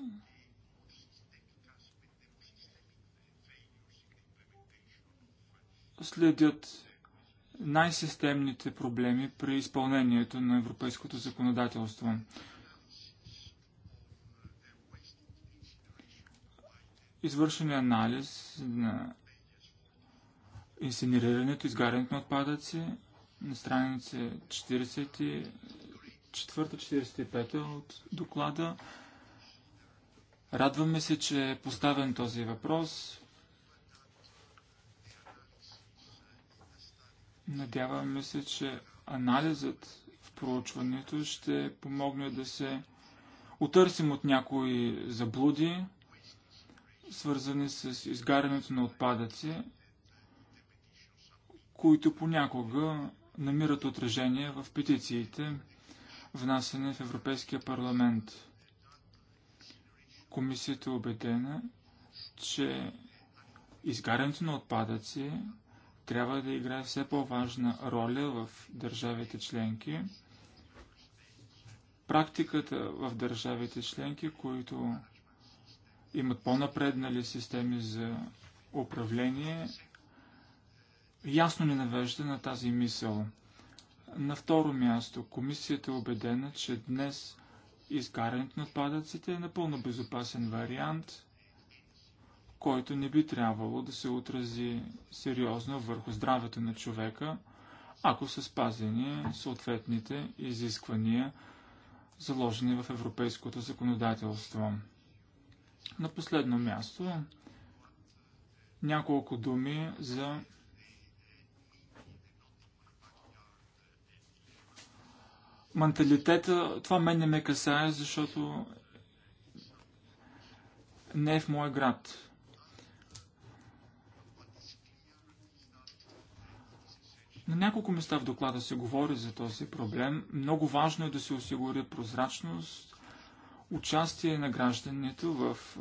следят най-системните проблеми при изпълнението на европейското законодателство. Извършен е анализ на инсинерирането, изгарянето на отпадъци на страница 44-45 от доклада. Радваме се, че е поставен този въпрос. Надяваме се, че анализът в проучването ще помогне да се отърсим от някои заблуди, свързани с изгарянето на отпадъци, които понякога намират отражение в петициите, внасяне в Европейския парламент. Комисията е убедена, че изгарянето на отпадъци трябва да играе все по-важна роля в държавите членки. Практиката в държавите членки, които имат по-напреднали системи за управление, ясно ни навежда на тази мисъл. На второ място, комисията е убедена, че днес изгарянето на отпадъците е напълно безопасен вариант – който не би трябвало да се отрази сериозно върху здравето на човека, ако са спазени съответните изисквания, заложени в европейското законодателство. На последно място няколко думи за менталитета. Това мен не ме касае, защото не е в моя град. На няколко места в доклада се говори за този проблем. Много важно е да се осигури прозрачност, участие на гражданите в е,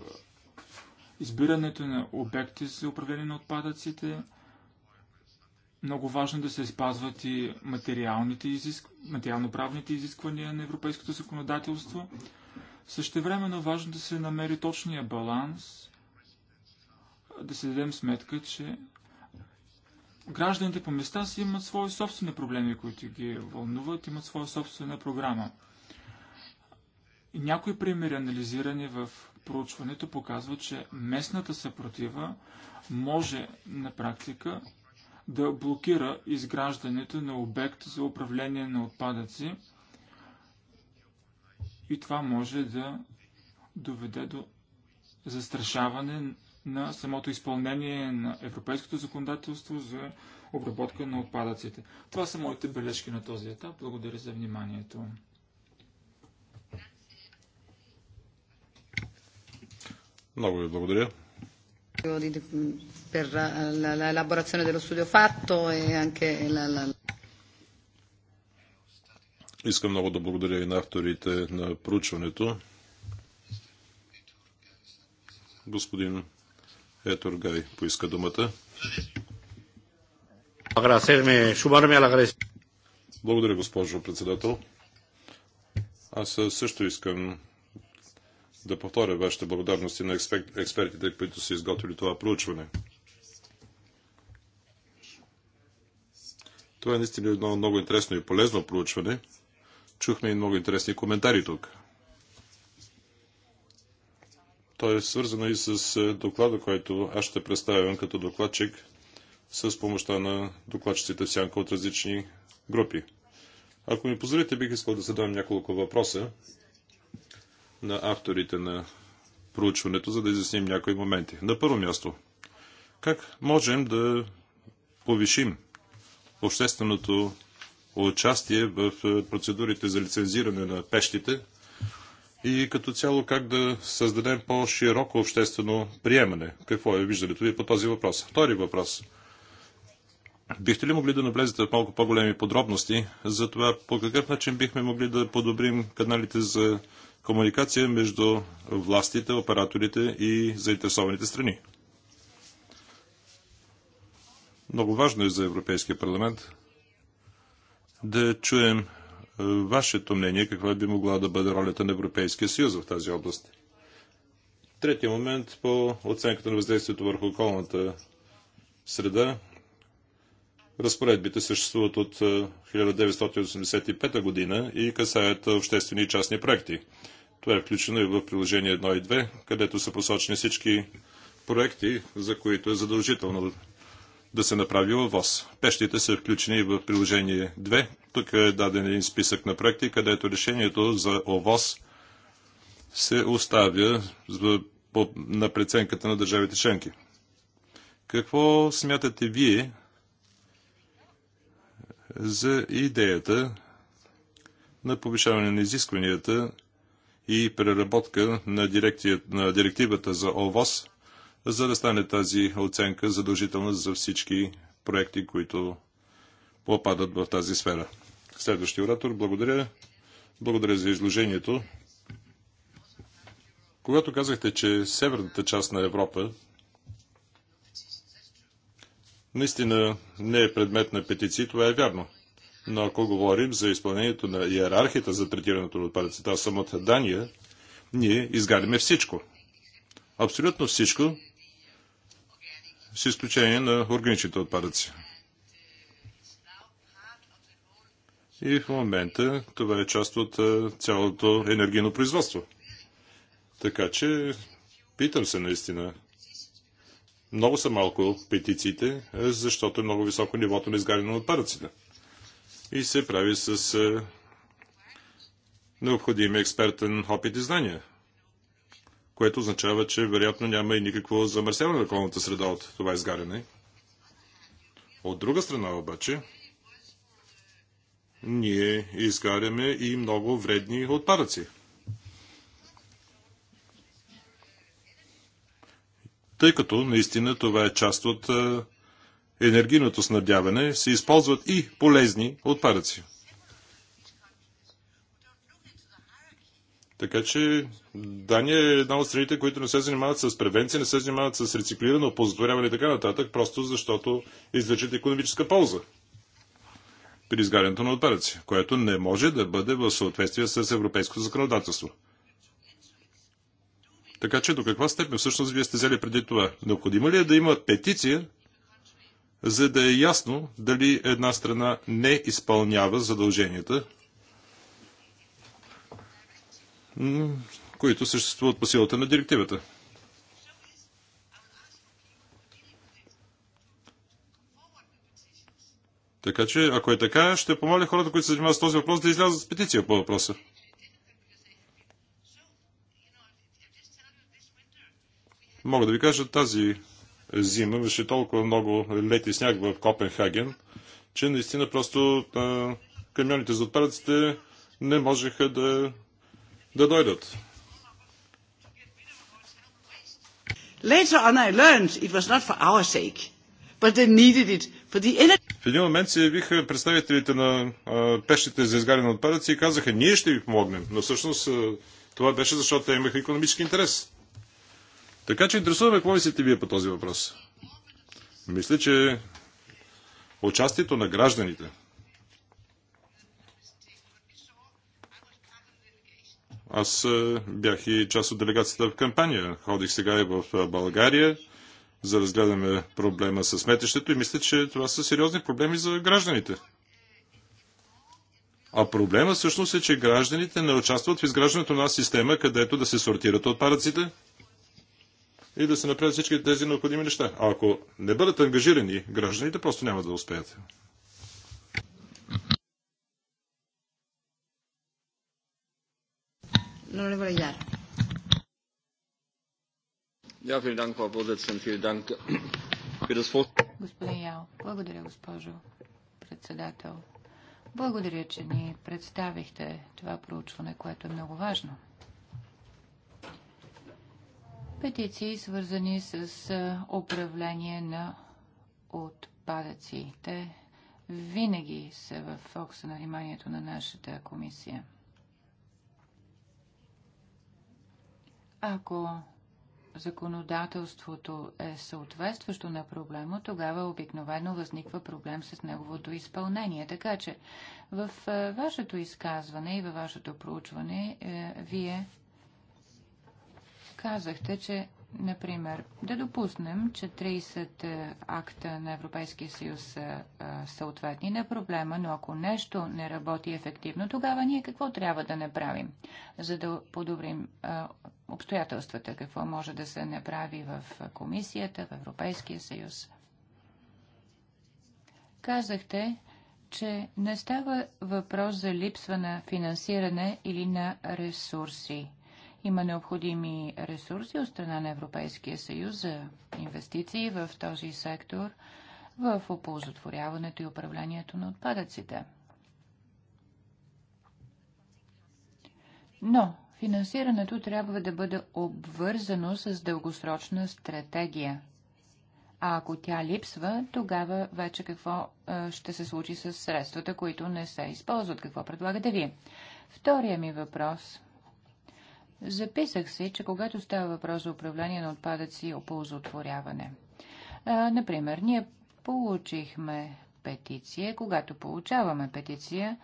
избирането на обекти за управление на отпадъците. Много важно е да се спазват и материалните изиск... материално-правните изисквания на европейското законодателство. Същевременно е важно да се намери точния баланс, да се дадем сметка, че Гражданите по места си имат свои собствени проблеми, които ги вълнуват, имат своя собствена програма. И някои примери, анализирани в проучването, показват, че местната съпротива може на практика да блокира изграждането на обект за управление на отпадъци и това може да доведе до застрашаване на самото изпълнение на европейското законодателство за обработка на отпадъците. Това са моите бележки на този етап. Благодаря за вниманието. Много ви благодаря. per la, dello studio fatto e anche la, la... Искам много да благодаря и на авторите на проучването. Господин Етургай поиска думата. Благодаря, госпожо председател. Аз също искам да повторя вашите благодарности на експертите, които са изготвили това проучване. Това е наистина едно много интересно и полезно проучване. Чухме и много интересни коментари тук. То е свързано и с е, доклада, който аз ще представям като докладчик с помощта на докладчиците в сянка от различни групи. Ако ми позволите, бих искал да задам няколко въпроса на авторите на проучването, за да изясним някои моменти. На първо място, как можем да повишим общественото участие в е, процедурите за лицензиране на пещите – и като цяло как да създадем по-широко обществено приемане. Какво е виждането ви по този въпрос? Втори въпрос. Бихте ли могли да наблезете в малко по-големи подробности за това по какъв начин бихме могли да подобрим каналите за комуникация между властите, операторите и заинтересованите страни? Много важно е за Европейския парламент да чуем е, вашето мнение, каква би могла да бъде ролята на Европейския съюз в тази област? Третия момент по оценката на въздействието върху околната среда. Разпоредбите съществуват от 1985 е, година и касаят обществени и частни проекти. Това е включено и в приложение 1 и 2, където са посочени всички проекти, за които е задължително да се направи във ВОЗ. Пещите са включени в приложение 2. Тук е даден един списък на проекти, където решението за ОВОз се оставя на преценката на държавите членки. Какво смятате вие за идеята на повишаване на изискванията и преработка на, директивата за ОВОз за да стане тази оценка задължителна за всички проекти, които попадат в тази сфера. Следващия оратор, благодаря. Благодаря за изложението. Когато казахте, че северната част на Европа наистина не е предмет на петиции, това е вярно. Но ако говорим за изпълнението на иерархията за третирането на отпадъците, аз съм от Дания, ние изгаряме всичко. Абсолютно всичко, с изключение на органичните отпадъци. И в момента това е част от цялото енергийно производство. Така че питам се наистина. Много са малко петициите, защото е много високо нивото на изгаряне на отпадъците. И се прави с необходими експертен опит и знания което означава, че вероятно няма и никакво замърсяване на околната среда от това изгаряне. От друга страна обаче, ние изгаряме и много вредни отпадъци. Тъй като наистина това е част от е, енергийното снабдяване, се използват и полезни отпадъци. Така че Дания е една от страните, които не се занимават с превенция, не се занимават с рециклиране, оползотворяване и така нататък, просто защото извличат економическа полза при изгарянето на отпадъци, което не може да бъде в съответствие с европейското законодателство. Така че до каква степен всъщност вие сте взели преди това? Необходимо ли е да има петиция, за да е ясно дали една страна не изпълнява задълженията, които съществуват по силата на директивата. Така че, ако е така, ще помоля хората, които се занимават с този въпрос, да излязат с петиция по въпроса. Мога да ви кажа, тази зима беше толкова много лед и сняг в Копенхаген, че наистина просто а, камионите за отпадъците не можеха да да дойдат. Later on I learned it was not for our sake, but they needed it for the energy. В един момент се явиха представителите на а, пещите за изгаряне на отпадъци и казаха, ние ще ви помогнем. Но всъщност а, това беше защото те имаха економически интерес. Така че интересуваме какво мислите вие по този въпрос. Мисля, че участието на гражданите Аз е, бях и част от делегацията в кампания. Ходих сега и в е, България, за да разгледаме проблема с сметището и мисля, че това са сериозни проблеми за гражданите. А проблема всъщност е, че гражданите не участват в изграждането на система, където да се сортират отпадъците и да се направят всички тези необходими неща. А ако не бъдат ангажирани, гражданите просто няма да успеят. Господин Ял, благодаря, госпожо председател. Благодаря, че ни представихте това проучване, което е много важно. Петиции, свързани с управление на отпадъците, винаги са в фокуса на вниманието на нашата комисия. Ако законодателството е съответстващо на проблема, тогава обикновено възниква проблем с неговото изпълнение. Така че в е, вашето изказване и във вашето проучване е, вие казахте, че Например, да допуснем, че 30 е, акта на Европейския съюз са съответни на проблема, но ако нещо не работи ефективно, тогава ние какво трябва да направим, за да подобрим обстоятелствата, какво може да се направи в комисията, в Европейския съюз. Казахте, че не става въпрос за липсва на финансиране или на ресурси. Има необходими ресурси от страна на Европейския съюз за инвестиции в този сектор, в оползотворяването и управлението на отпадъците. Но Финансирането трябва да бъде обвързано с дългосрочна стратегия. А ако тя липсва, тогава вече какво ще се случи с средствата, които не се използват? Какво предлагате вие? Втория ми въпрос. Записах си, че когато става въпрос за управление на отпадъци и оползотворяване. А, например, ние получихме петиция. Когато получаваме петиция,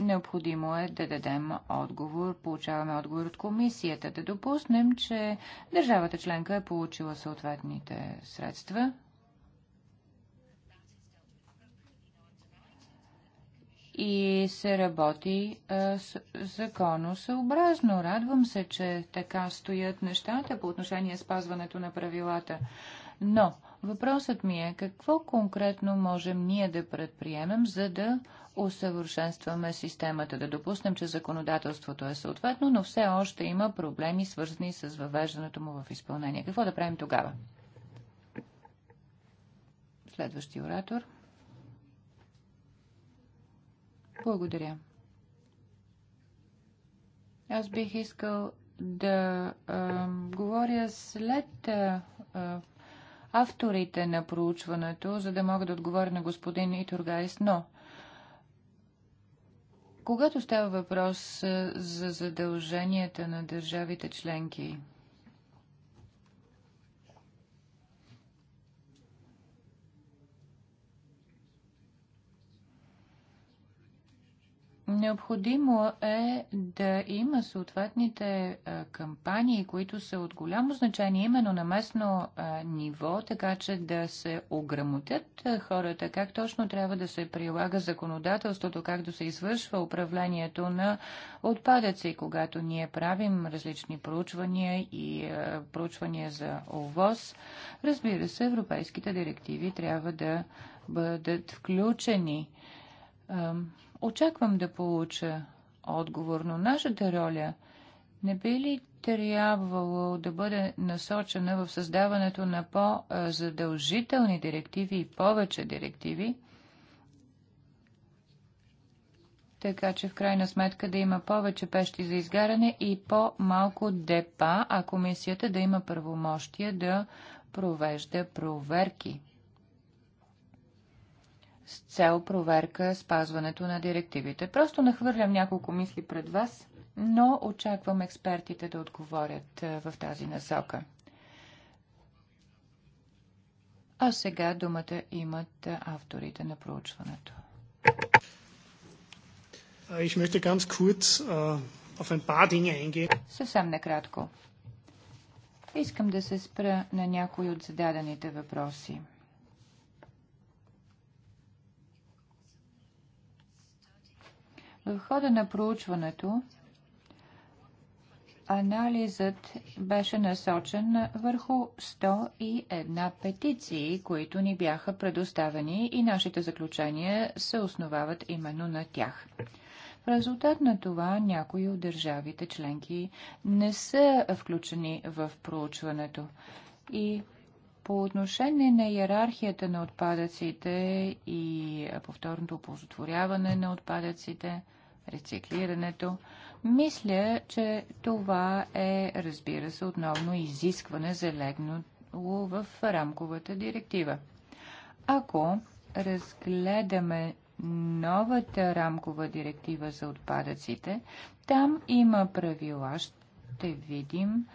Необходимо е да дадем отговор, получаваме отговор от комисията, да допуснем, че държавата членка е получила съответните средства. И се работи а, с, законосъобразно. Радвам се, че така стоят нещата по отношение спазването на правилата. Но Въпросът ми е какво конкретно можем ние да предприемем, за да усъвършенстваме системата, да допуснем, че законодателството е съответно, но все още има проблеми, свързани с въвеждането му в изпълнение. Какво да правим тогава? Следващи оратор. Благодаря. Аз бих искал да а, говоря след а, авторите на проучването, за да мога да отговоря на господин Итургайс, но когато става въпрос за задълженията на държавите членки – Необходимо е да има съответните кампании, които са от голямо значение именно на местно ниво, така че да се ограмотят хората как точно трябва да се прилага законодателството, как да се извършва управлението на отпадъци, когато ние правим различни проучвания и проучвания за ОВОз. Разбира се, европейските директиви трябва да бъдат включени. Очаквам да получа отговор, но нашата роля не би ли трябвало да бъде насочена в създаването на по-задължителни директиви и повече директиви, така че в крайна сметка да има повече пещи за изгаране и по-малко депа, а комисията да има правомощия да провежда проверки с цел проверка спазването на директивите. Просто нахвърлям няколко мисли пред вас, но очаквам експертите да отговорят е, в тази насока. А сега думата имат е, авторите на проучването. Е, ich möchte ganz kurz auf ein paar Dinge eingehen. Съвсем накратко. Искам да се спра на някои от зададените въпроси. В хода на проучването анализът беше насочен върху 101 петиции, които ни бяха предоставени и нашите заключения се основават именно на тях. В резултат на това някои от държавите членки не са включени в проучването. И по отношение на иерархията на отпадъците и повторното оползотворяване на отпадъците – рециклирането. Мисля, че това е, разбира се, отново изискване залегнало в рамковата директива. Ако разгледаме новата рамкова директива за отпадъците, там има правила, ще видим,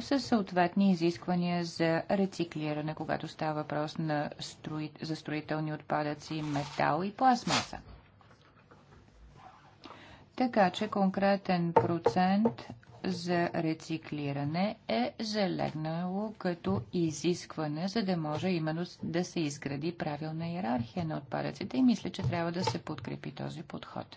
със съответни изисквания за рециклиране, когато става въпрос на строи... за строителни отпадъци, метал и пластмаса. Така че конкретен процент за рециклиране е залегнало като изискване, за да може именно да се изгради правилна иерархия на отпадъците и мисля, че трябва да се подкрепи този подход.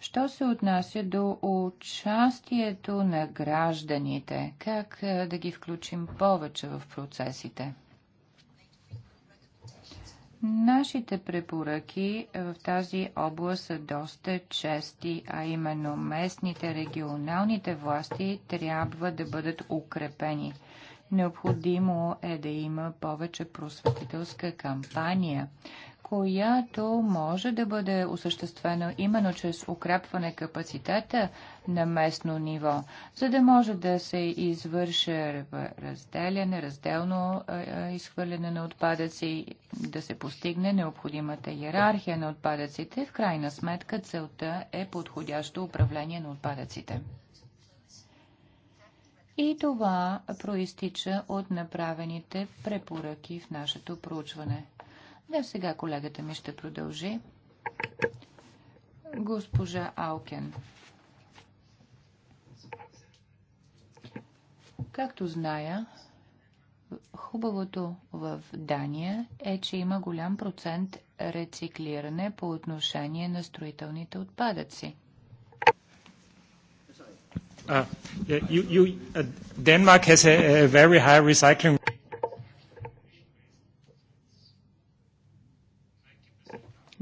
Що се отнася до участието на гражданите? Как да ги включим повече в процесите? Нашите препоръки в тази област са доста чести, а именно местните, регионалните власти трябва да бъдат укрепени. Необходимо е да има повече просветителска кампания която може да бъде осъществена именно чрез укрепване капацитета на местно ниво, за да може да се извърши разделяне, разделно изхвърляне на отпадъци, да се постигне необходимата иерархия на отпадъците. В крайна сметка целта е подходящо управление на отпадъците. И това проистича от направените препоръки в нашето проучване. Да, сега колегата ми ще продължи. Госпожа Алкен. Както зная, хубавото в Дания е, че има голям процент рециклиране по отношение на строителните отпадъци. Uh, you, you, uh, Denmark has a, a very high recycling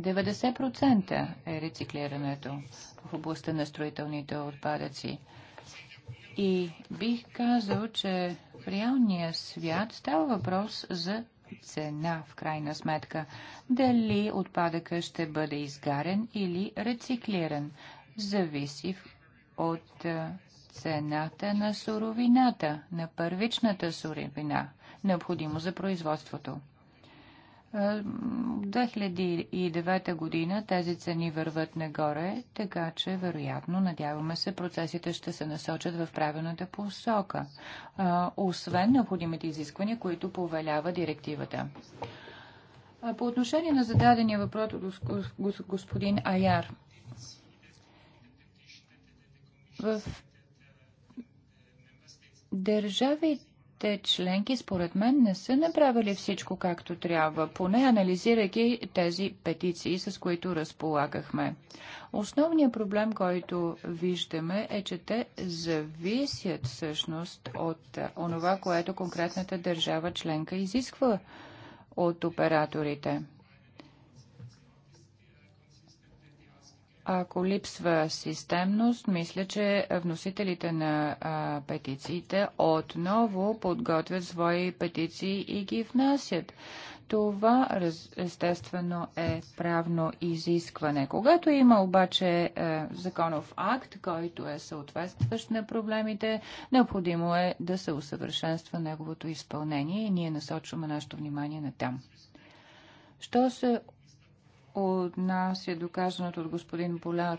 90% е рециклирането в областта на строителните отпадъци. И бих казал, че в реалния свят става въпрос за цена в крайна сметка. Дали отпадъка ще бъде изгарен или рециклиран, зависи от цената на суровината, на първичната суровина, необходимо за производството. 2009 е, година тези цени върват нагоре, така че вероятно, надяваме се, процесите ще се насочат в правилната посока, е, освен необходимите изисквания, които повелява директивата. Е, по отношение на зададения въпрос от господин Аяр, в държавите държавите членки, според мен, не са направили всичко както трябва, поне анализирайки тези петиции, с които разполагахме. Основният проблем, който виждаме, е, че те зависят всъщност от е, онова, което конкретната държава членка изисква от операторите. Ако липсва системност, мисля, че вносителите на а, петициите отново подготвят свои петиции и ги внасят. Това естествено е правно изискване. Когато има обаче е, законов акт, който е съответстващ на проблемите, необходимо е да се усъвършенства неговото изпълнение и ние насочваме нашето внимание на там. Що се отнася е до казаното от господин Поляр.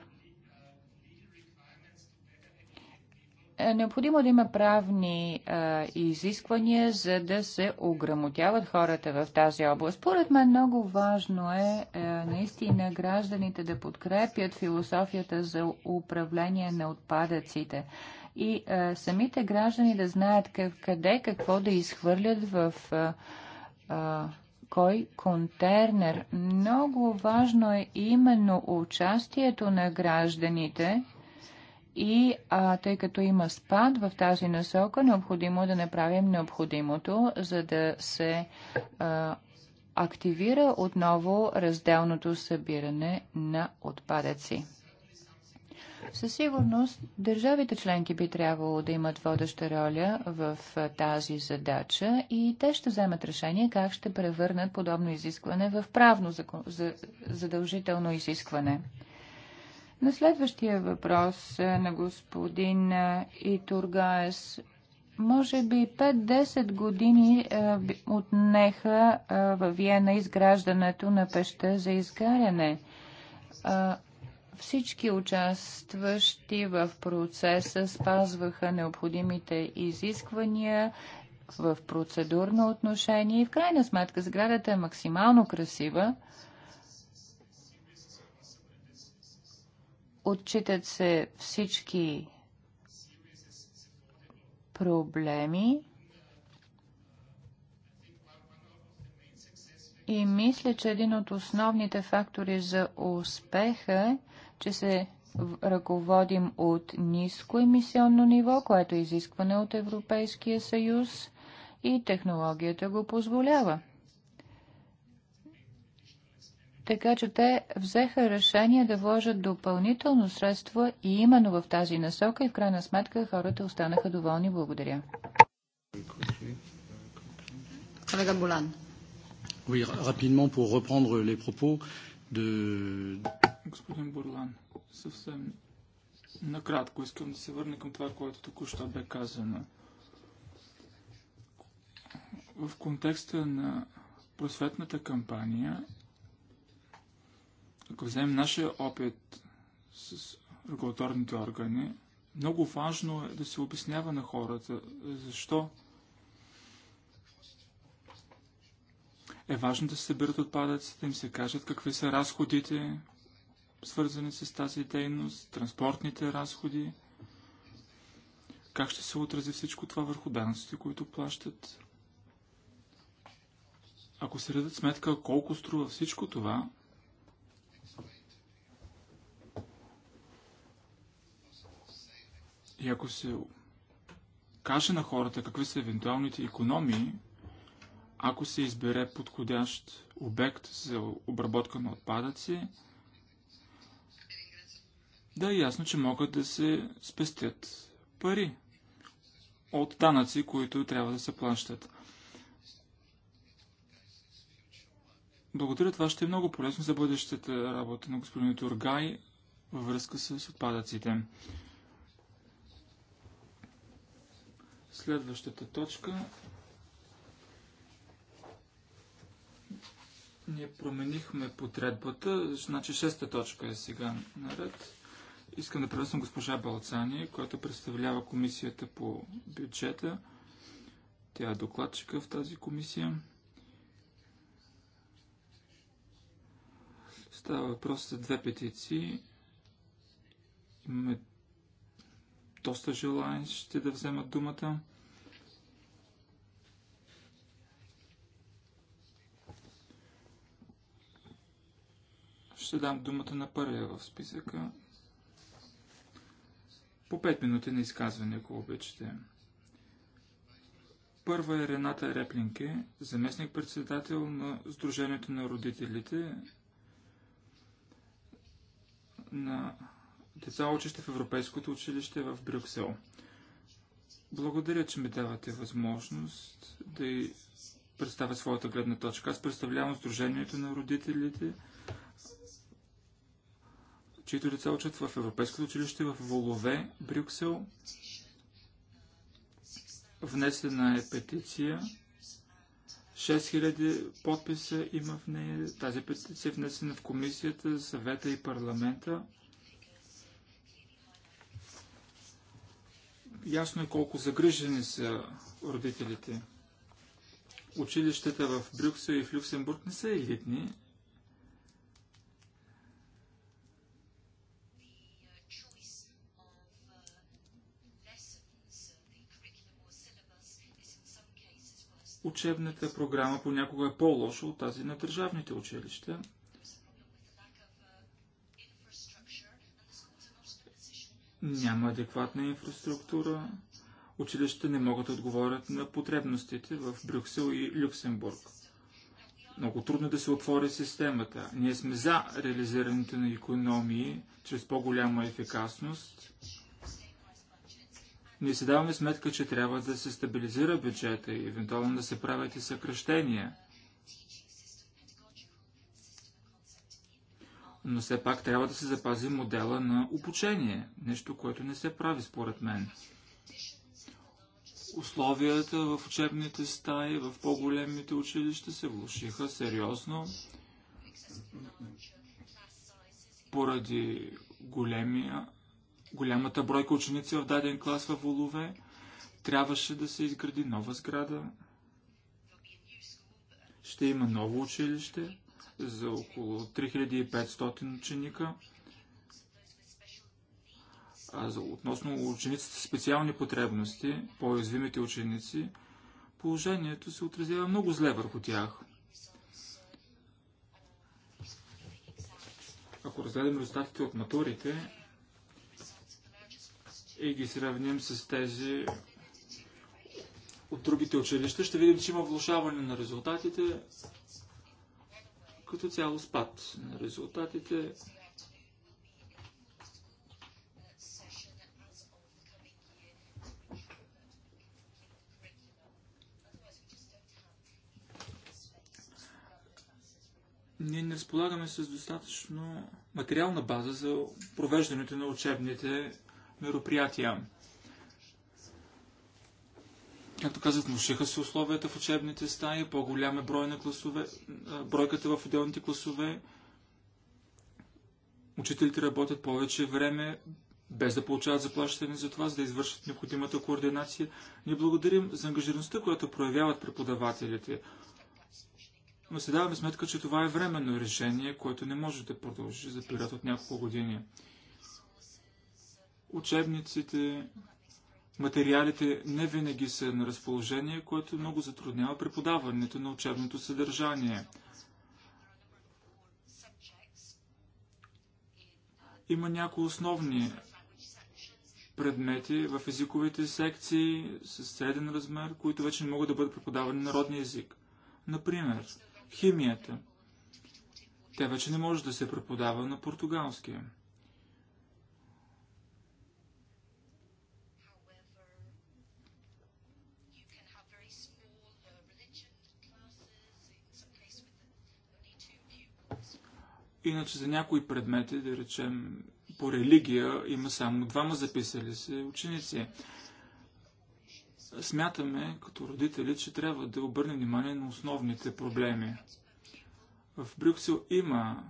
Е, необходимо да има правни а, изисквания, за да се ограмотяват хората в тази област. Според мен много важно е а, е, наистина гражданите да подкрепят философията за управление на отпадъците и а, самите граждани да знаят къде какво да изхвърлят в а, а, кой контейнер. Много важно е именно участието на гражданите и а, тъй като има спад в тази насока, необходимо да направим необходимото, за да се а, активира отново разделното събиране на отпадъци. Със сигурност държавите членки би трябвало да имат водеща роля в тази задача и те ще вземат решение как ще превърнат подобно изискване в правно задължително изискване. На следващия въпрос на господин Итургаес може би 5-10 години отнеха е, във Виена изграждането на пеща за изгаряне. Всички участващи в процеса спазваха необходимите изисквания в процедурно отношение и в крайна сметка сградата е максимално красива. Отчитат се всички проблеми и мисля, че един от основните фактори за успеха е че се ръководим от ниско емисионно ниво, което е изискване от Европейския съюз и технологията го позволява. Така че те взеха решение да вложат допълнително средства и именно в тази насока и в крайна сметка хората останаха доволни. Благодаря. Колега Болан. Oui, rapidement pour reprendre les propos de... Господин Бурлан, съвсем накратко искам да се върна към това, което току-що бе казано. В контекста на просветната кампания, ако вземем нашия опит с регулаторните органи, много важно е да се обяснява на хората защо е важно да се събират отпадъците, им се кажат какви са разходите, свързани с тази дейност, транспортните разходи, как ще се отрази всичко това върху данъците, които плащат. Ако се редат сметка колко струва всичко това, и ако се каже на хората какви са евентуалните економии, ако се избере подходящ обект за обработка на отпадъци, да е ясно, че могат да се спестят пари от данъци, които трябва да се плащат. Благодаря, това ще е много полезно за бъдещата работа на господин Тургай във връзка с отпадъците. Следващата точка. Ние променихме потребата, значи шеста точка е сега наред. Искам да приветствам госпожа Балцани, която представлява комисията по бюджета. Тя е докладчика в тази комисия. Става въпрос за две петиции. Имаме доста желаящи да вземат думата. Ще дам думата на първия в списъка, по 5 минути на изказване, ако обичате. Първа е Рената Реплинке, заместник-председател на Сдружението на родителите на деца учище в Европейското училище в Брюксел. Благодаря, че ми давате възможност да представя своята гледна точка. Аз представлявам Сдружението на родителите чието деца учат в Европейското училище в Волове, Брюксел. Внесена е петиция. 6000 подписа има в нея. Тази петиция е внесена в комисията, съвета и парламента. Ясно е колко загрижени са родителите. Училищата в Брюксел и в Люксембург не са елитни, учебната програма понякога е по-лоша от тази на държавните училища. Няма адекватна инфраструктура. Училищата не могат да отговорят на потребностите в Брюксел и Люксембург. Много трудно да се отвори системата. Ние сме за реализирането на економии чрез по-голяма ефикасност ние си даваме сметка, че трябва да се стабилизира бюджета и евентуално да се правят и съкръщения. Но все пак трябва да се запази модела на обучение, нещо, което не се прави според мен. Условията в учебните стаи, в по-големите училища се влушиха сериозно поради големия голямата бройка ученици в даден клас в Волове. Трябваше да се изгради нова сграда. Ще има ново училище за около 3500 ученика. А за, относно учениците с специални потребности, по-уязвимите ученици, положението се отразява много зле върху тях. Ако разгледаме резултатите от матурите, и ги сравним с тези от другите училища, ще видим, че има влушаване на резултатите, като цяло спад на резултатите. ние не разполагаме с достатъчно материална база за провеждането на учебните мероприятия. Както казах, мушиха се условията в учебните стаи, по-голям е брой на класове, бройката в отделните класове. Учителите работят повече време, без да получават заплащане за това, за да извършат необходимата координация. Ние благодарим за ангажираността, която проявяват преподавателите. Но се даваме сметка, че това е временно решение, което не може да продължи за период от няколко години учебниците, материалите не винаги са на разположение, което много затруднява преподаването на учебното съдържание. Има някои основни предмети в езиковите секции с среден размер, които вече не могат да бъдат преподавани на родния език. Например, химията. Тя вече не може да се преподава на португалския. Иначе за някои предмети, да речем по религия, има само двама записали се ученици. Смятаме като родители, че трябва да обърнем внимание на основните проблеми. В Брюксел има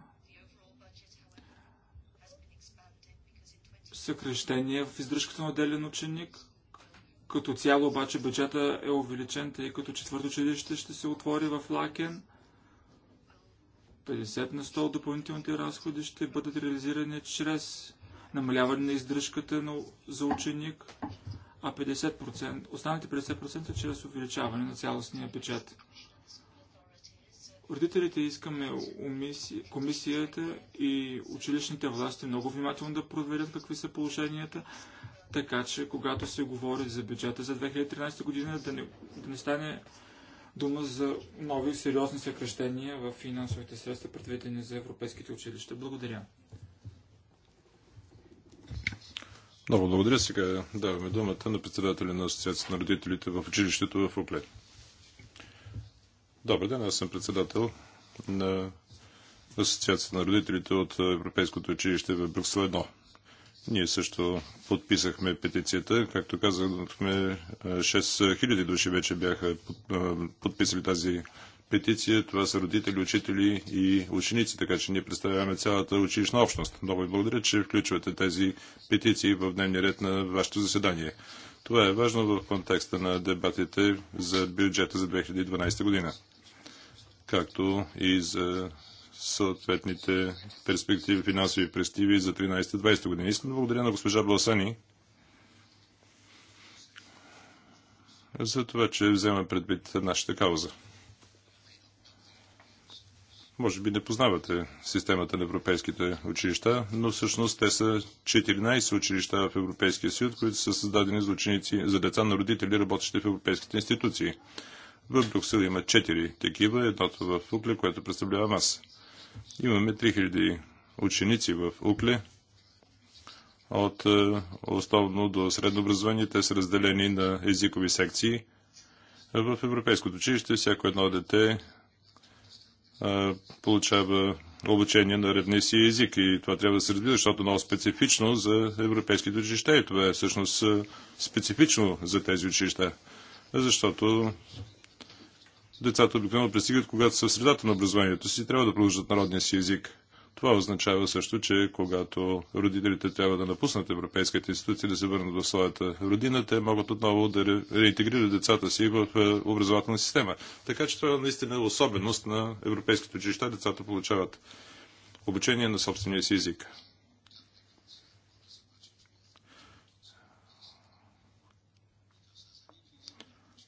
съкрещение в издръжката на отделен ученик. Като цяло обаче бюджета е увеличен, тъй като четвърто училище ще се отвори в Лакен. 50 на 100 от допълнителните разходи ще бъдат реализирани чрез намаляване на издръжката на, за ученик, а 50%, останалите 50% чрез увеличаване на цялостния бюджет. Родителите искаме комисията и училищните власти много внимателно да проверят какви са положенията, така че когато се говори за бюджета за 2013 година да не, да не стане дума за нови сериозни съкрещения в финансовите средства, предвидени за европейските училища. Благодаря. Много благодаря. Сега даваме думата на председателя на Асоциацията на родителите в училището в Окле. Добър ден, аз съм председател на Асоциацията на родителите от Европейското училище в Брюксел 1. Ние също подписахме петицията. Както казахме, 6000 души вече бяха подписали тази петиция. Това са родители, учители и ученици, така че ние представяваме цялата училищна общност. Много ви благодаря, че включвате тези петиции в дневния ред на вашето заседание. Това е важно в контекста на дебатите за бюджета за 2012 година, както и за съответните перспективи, финансови перспективи за 13-20 години. Искам да благодаря на госпожа Бласани за това, че взема предвид нашата кауза. Може би не познавате системата на европейските училища, но всъщност те са 14 училища в Европейския съюз, които са създадени за ученици, за деца на родители, работещи в европейските институции. В Брюксел има 4 такива, едното в Укле, което представлявам аз. Имаме 3000 ученици в Укле от е, основно до средно образование. Те са разделени на езикови секции. В Европейското училище всяко едно дете е, получава обучение на ревни си език и това трябва да се разбира, защото е много специфично за европейските училища и това е всъщност е, специфично за тези училища, защото Децата обикновено пристигат, когато са в средата на образованието си трябва да продължат народния си език. Това означава също, че когато родителите трябва да напуснат Европейската институция да се върнат в своята родина, те могат отново да реинтегрират децата си в е, образователна система. Така че това е наистина особеност на европейските училища. Децата получават обучение на собствения си език.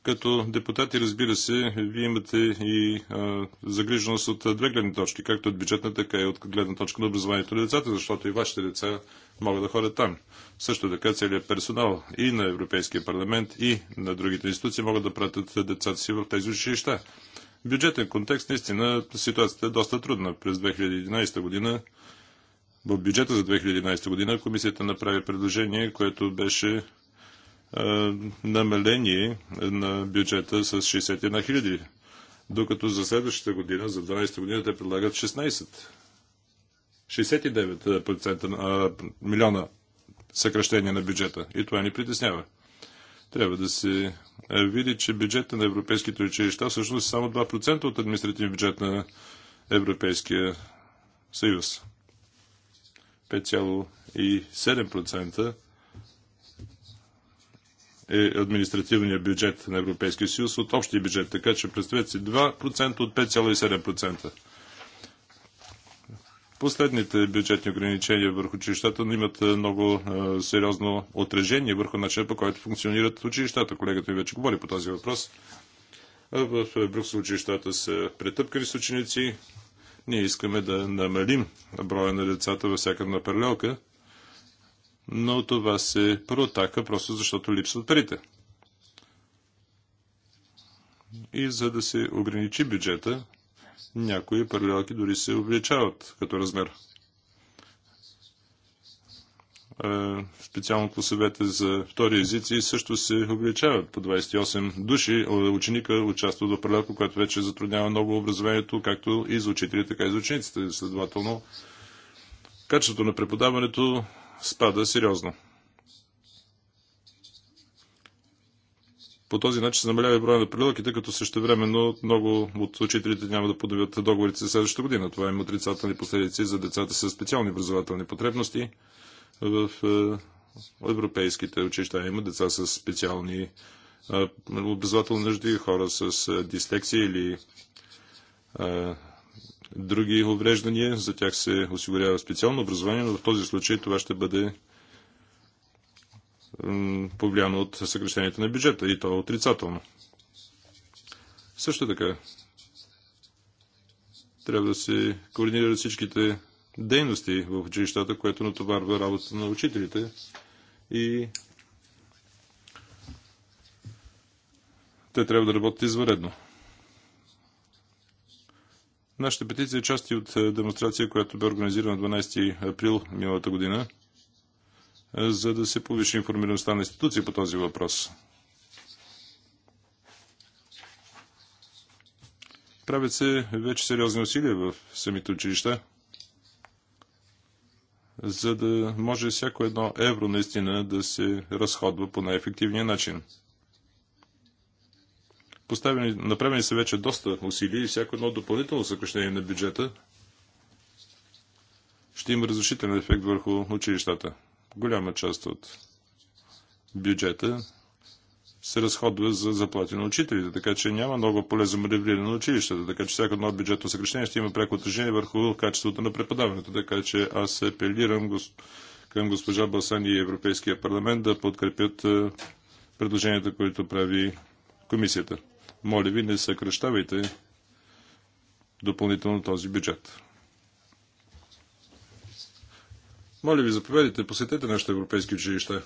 Като депутати, разбира се, вие имате и а, загриженост от две гледни точки, както от бюджетна, така и от гледна точка на образованието на децата, защото и вашите деца могат да ходят там. Също така целият персонал и на Европейския парламент, и на другите институции могат да пратят децата си в тези училища. В бюджетен контекст наистина ситуацията е доста трудна. През 2011 година в бюджета за 2011 година комисията направи предложение, което беше е, намаление на бюджета с 61 хиляди, докато за следващата година, за 12 година, те предлагат 16. 69% е, милиона съкръщение на бюджета. И това ни притеснява. Трябва да се е, види, че бюджета на европейските училища всъщност е само 2% от административния бюджет на Европейския съюз. 5,7% е административния бюджет на Европейския съюз от общия бюджет. Така че представете си 2% от 5,7%. Последните бюджетни ограничения върху училищата имат е, много е, сериозно отражение върху начина по който функционират училищата. Колегата ми вече говори по този въпрос. В е, Брюксел училищата са претъпкани с ученици. Ние искаме да намалим броя на децата във всяка една паралелка но това се протака просто защото липсват парите. И за да се ограничи бюджета, някои паралелки дори се увеличават като размер. Е, специално съвета за втори езици също се увеличават. По 28 души е, ученика участват в паралелка, което вече затруднява много образованието, както и за учителите, така и за учениците. Следователно, качеството на преподаването спада сериозно. По този начин се намалява и броя на прилъките, като същевременно много от учителите няма да подобят договорите за следващата година. Това има отрицателни последици за децата с специални образователни потребности. В е, европейските училища има деца с специални е, образователни нужди, хора с е, дислексия или други увреждания. За тях се осигурява специално образование, но в този случай това ще бъде повлияно от съкрещението на бюджета и то е отрицателно. Също така, трябва да се координират всичките дейности в училищата, което натоварва работата на учителите и те трябва да работят извънредно. Нашата петиция е части от е, демонстрация, която бе организирана 12 април миналата година, е, за да се повиши информираността на институции по този въпрос. Правят се вече сериозни усилия в самите училища, за да може всяко едно евро наистина да се разходва по най-ефективния начин поставени, направени са вече доста усилия и всяко едно допълнително съкрещение на бюджета ще има разрушителен ефект върху училищата. Голяма част от бюджета се разходва за заплати на учителите, така че няма много поле за маневриране на училищата, така че всяко едно бюджетно съкрещение ще има пряко отражение върху качеството на преподаването, така че аз апелирам към госпожа Басани и Европейския парламент да подкрепят е, предложенията, които прави комисията. Моля ви, не съкръщавайте допълнително този бюджет. Моля ви, заповядайте, посетете нашите европейски училища.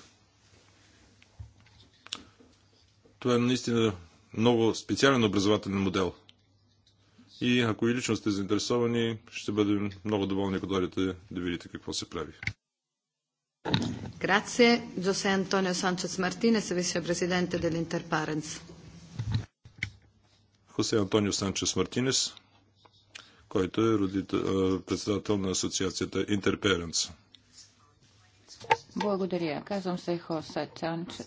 Това е наистина много специален образователен модел. И ако и лично сте заинтересовани, ще бъдем много доволни, ако дойдете да видите какво се прави. Grazie, José Antonio Sanchez Martínez, vicepresidente dell'Interparents. Хосе Антонио Санчес Мартинес, който е председател на асоциацията Interparents. Благодаря. Казвам се Хосе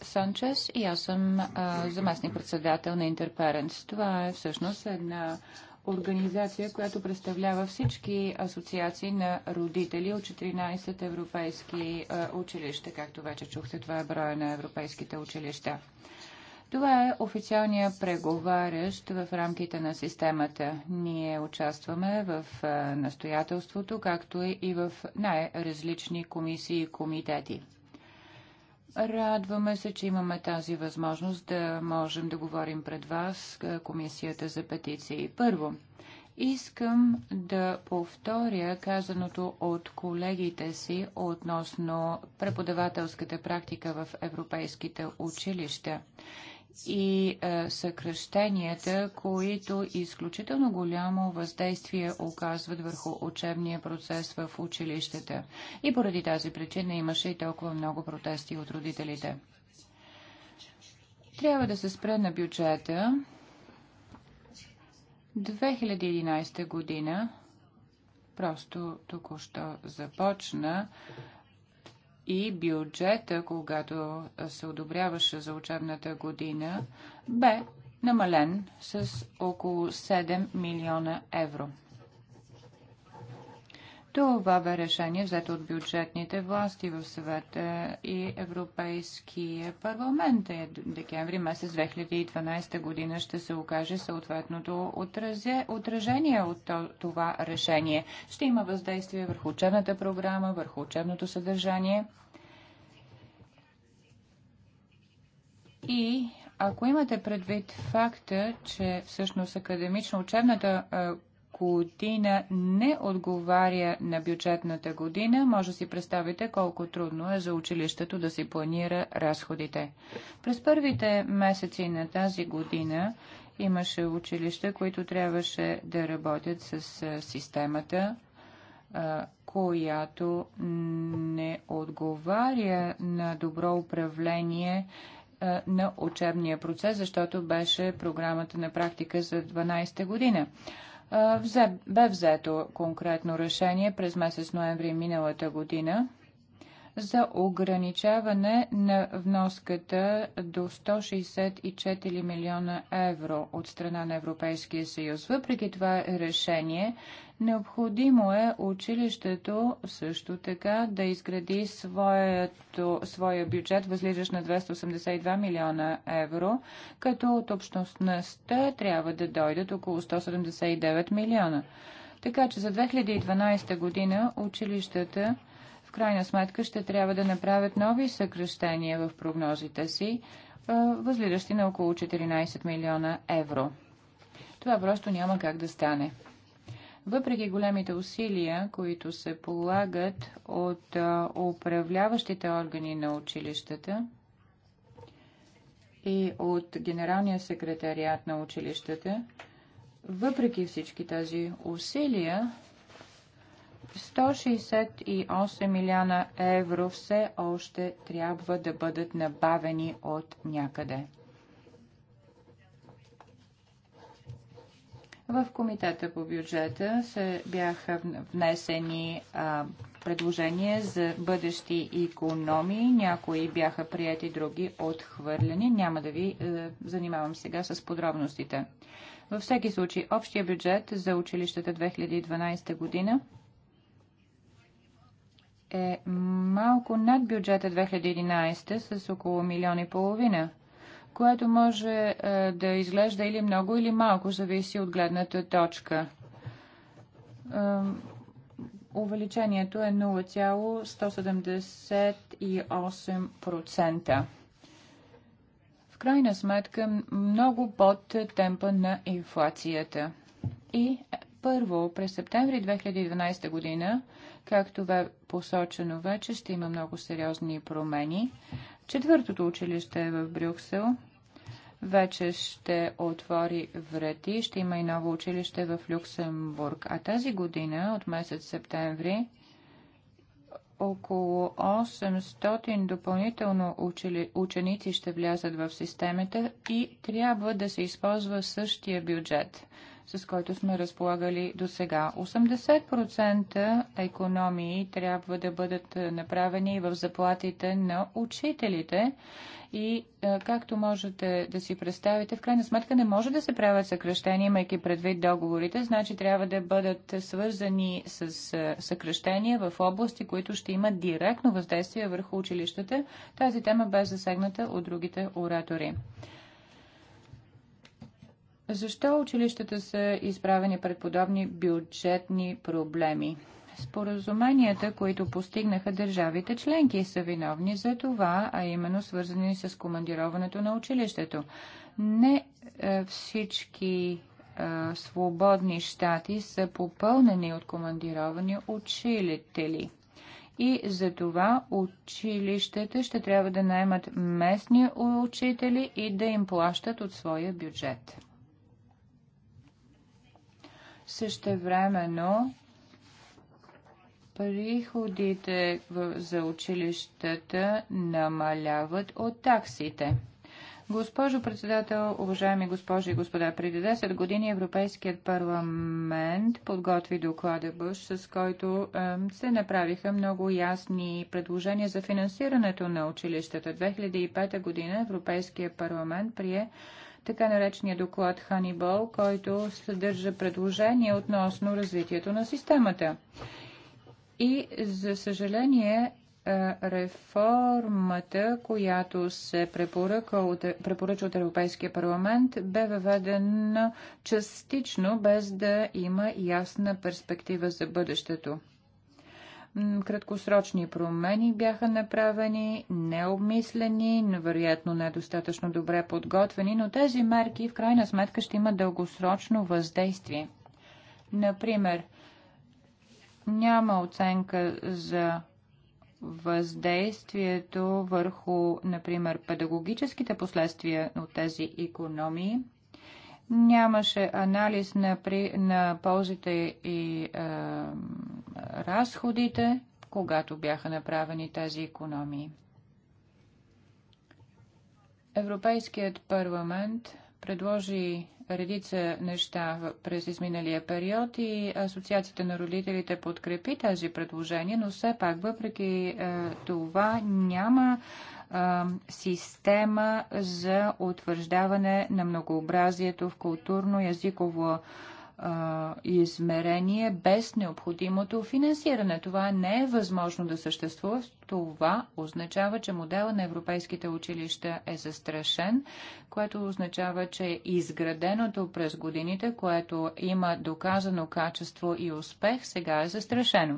Санчес и аз съм заместник председател на Interparents. Това е всъщност една организация, която представлява всички асоциации на родители от 14 европейски училища. Както вече чухте, това е броя на европейските училища. Това е официалния преговарящ в рамките на системата. Ние участваме в настоятелството, както и в най-различни комисии и комитети. Радваме се, че имаме тази възможност да можем да говорим пред вас, Комисията за петиции. Първо, искам да повторя казаното от колегите си относно преподавателската практика в европейските училища и е, съкръщенията, които изключително голямо въздействие оказват върху учебния процес в училищата. И поради тази причина имаше и толкова много протести от родителите. Трябва да се спре на бюджета. 2011 година просто току-що започна и бюджета, когато се одобряваше за учебната година, бе намален с около 7 милиона евро. Това бе решение взето от бюджетните власти в съвета и Европейския парламент. Е, декември месец 2012 година ще се окаже съответното отражение от това решение. Ще има въздействие върху учебната програма, върху учебното съдържание. И ако имате предвид факта, че всъщност академично-учебната година не отговаря на бюджетната година, може да си представите колко трудно е за училището да си планира разходите. През първите месеци на тази година имаше училища, които трябваше да работят с системата, която не отговаря на добро управление на учебния процес, защото беше програмата на практика за 12-та година взе, бе взето конкретно решение през месец ноември миналата година за ограничаване на вноската до 164 милиона евро от страна на Европейския съюз. Въпреки това решение, необходимо е училището също така да изгради своето, своя бюджет, възлизащ на 282 милиона евро, като от общностността трябва да дойдат около 179 милиона. Така че за 2012 година училищата в крайна сметка ще трябва да направят нови съкръщения в прогнозите си, възлидащи на около 14 милиона евро. Това просто няма как да стане. Въпреки големите усилия, които се полагат от управляващите органи на училищата и от Генералния секретариат на училищата, въпреки всички тези усилия, 168 милиона евро все още трябва да бъдат набавени от някъде. В Комитета по бюджета се бяха внесени а, предложения за бъдещи економии. Някои бяха прияти, други отхвърлени. Няма да ви а, е, занимавам сега с подробностите. Във всеки случай, общия бюджет за училищата 2012 година е малко над бюджета 2011 с около милион и половина, което може е, да изглежда или много, или малко, зависи от гледната точка. увеличението е 0,178%. В крайна сметка много под темпа на инфлацията. И първо, през септември 2012 година, както бе посочено вече, ще има много сериозни промени. Четвъртото училище е в Брюксел вече ще отвори врати. Ще има и ново училище в Люксембург. А тази година, от месец септември, около 800 допълнително учили, ученици ще влязат в системата и трябва да се използва същия бюджет с който сме разполагали до сега. 80% економии трябва да бъдат е, направени в заплатите на учителите и е, както можете да си представите, в крайна сметка не може да се правят съкръщения, имайки предвид договорите, значи трябва да бъдат свързани с е, съкръщения в области, които ще имат директно въздействие върху училищата. Тази тема бе засегната от другите оратори. Защо училищата са изправени пред подобни бюджетни проблеми? Споразуменията, които постигнаха държавите членки, са виновни за това, а именно свързани с командироването на училището. Не е, всички е, свободни щати са попълнени от командировани учители. и за това училищата ще трябва да наймат местни учители и да им плащат от своя бюджет. Същевременно приходите за училищата намаляват от таксите. Госпожо председател, уважаеми госпожи и господа, преди 10 години Европейският парламент подготви доклада Бъш, с който е, се направиха много ясни предложения за финансирането на училищата. 2005 година Европейският парламент прие така наречения доклад Ханибол, който съдържа предложение относно развитието на системата. И, за съжаление, е, реформата, която се препоръча от Европейския парламент, бе въведена частично, без да има ясна перспектива за бъдещето краткосрочни промени бяха направени, необмислени, вероятно недостатъчно добре подготвени, но тези мерки в крайна сметка ще имат дългосрочно въздействие. Например, няма оценка за въздействието върху, например, педагогическите последствия от тези економии. Нямаше анализ на, при, на ползите и разходите, когато бяха направени тези економии. Европейският парламент предложи редица неща през изминалия период и Асоциацията на родителите подкрепи тези предложения, но все пак въпреки е, това няма е, система за утвърждаване на многообразието в културно-язиково измерение без необходимото финансиране. Това не е възможно да съществува. Това означава, че модела на европейските училища е застрашен, което означава, че изграденото през годините, което има доказано качество и успех, сега е застрашено.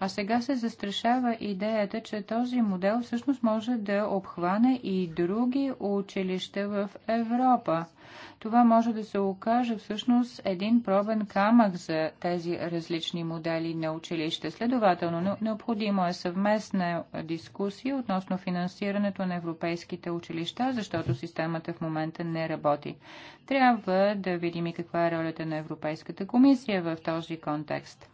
А сега се застрашава идеята, че този модел всъщност може да обхване и други училища в Европа това може да се окаже всъщност един пробен камък за тези различни модели на училище. Следователно, необходимо е съвместна дискусия относно финансирането на европейските училища, защото системата в момента не работи. Трябва да видим и каква е ролята на Европейската комисия в този контекст.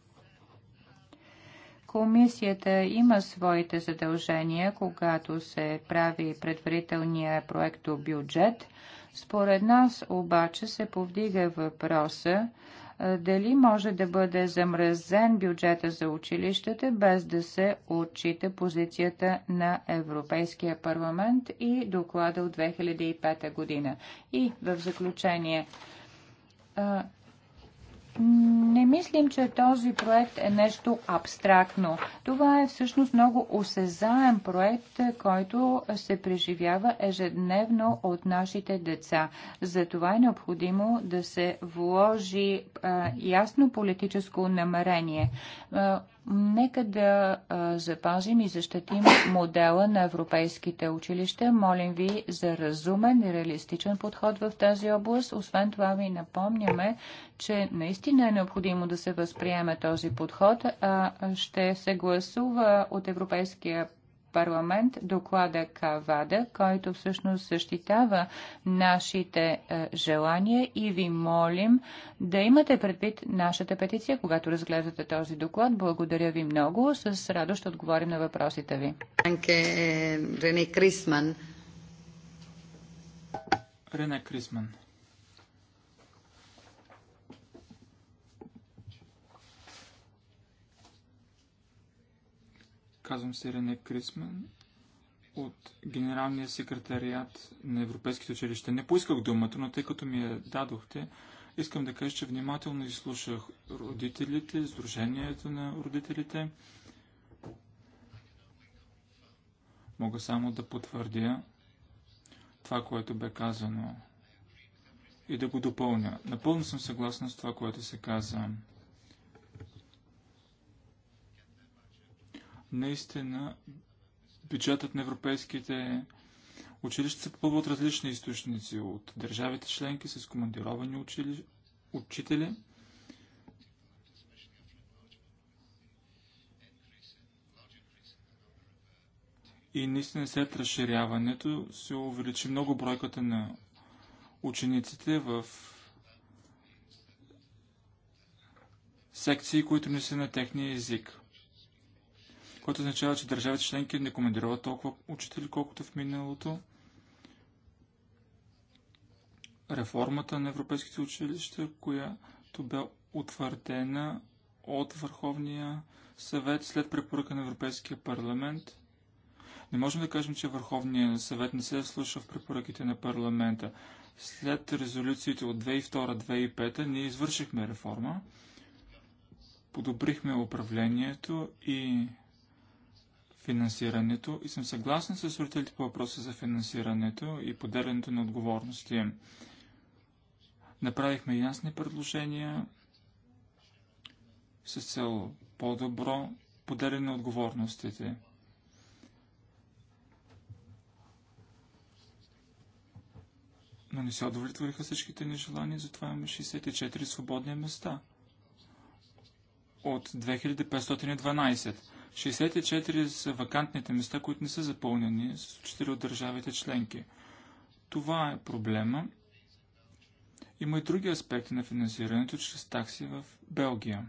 Комисията има своите задължения, когато се прави предварителния проекто бюджет – според нас обаче се повдига въпроса дали може да бъде замразен бюджета за училищата, без да се отчита позицията на Европейския парламент и доклада от 2005 година. И в заключение, не мислим, че този проект е нещо абстрактно. Това е всъщност много осезаем проект, който се преживява ежедневно от нашите деца. Затова е необходимо да се вложи а, ясно политическо намерение. А, Нека да а, запазим и защитим модела на европейските училища. Молим ви за разумен и реалистичен подход в тази област. Освен това ви напомняме, че наистина е необходимо да се възприеме този подход. А, ще се гласува от Европейския парламент доклада Кавада, който всъщност защитава нашите е, желания и ви молим да имате предвид нашата петиция, когато разглеждате този доклад. Благодаря ви много. С радост ще отговорим на въпросите ви. Е, Рене Крисман. Рене Крисман. Казвам се Рене Крисман от Генералния секретариат на Европейските училища. Не поисках думата, но тъй като ми я дадохте, искам да кажа, че внимателно изслушах родителите, Сдружението на родителите. Мога само да потвърдя това, което бе казано и да го допълня. Напълно съм съгласен с това, което се каза. наистина бюджетът на европейските училища се попълва от различни източници, от държавите членки с командировани учили... учители. И наистина след разширяването се увеличи много бройката на учениците в секции, които не са на техния език което означава, че държавите членки не командироват толкова учители, колкото в миналото. Реформата на европейските училища, която бе утвърдена от Върховния съвет след препоръка на Европейския парламент. Не можем да кажем, че Върховният съвет не се е слуша в препоръките на парламента. След резолюциите от 2002-2005 ние извършихме реформа, подобрихме управлението и финансирането и съм съгласен с родителите по въпроса за финансирането и поделянето на отговорности. Направихме ясни предложения с цел по-добро поделяне на отговорностите. Но не се удовлетвориха всичките ни желания, затова имаме 64 свободни места от 2512. 64 са вакантните места, които не са запълнени с 4 от държавите членки. Това е проблема. Има и други аспекти на финансирането чрез такси в Белгия.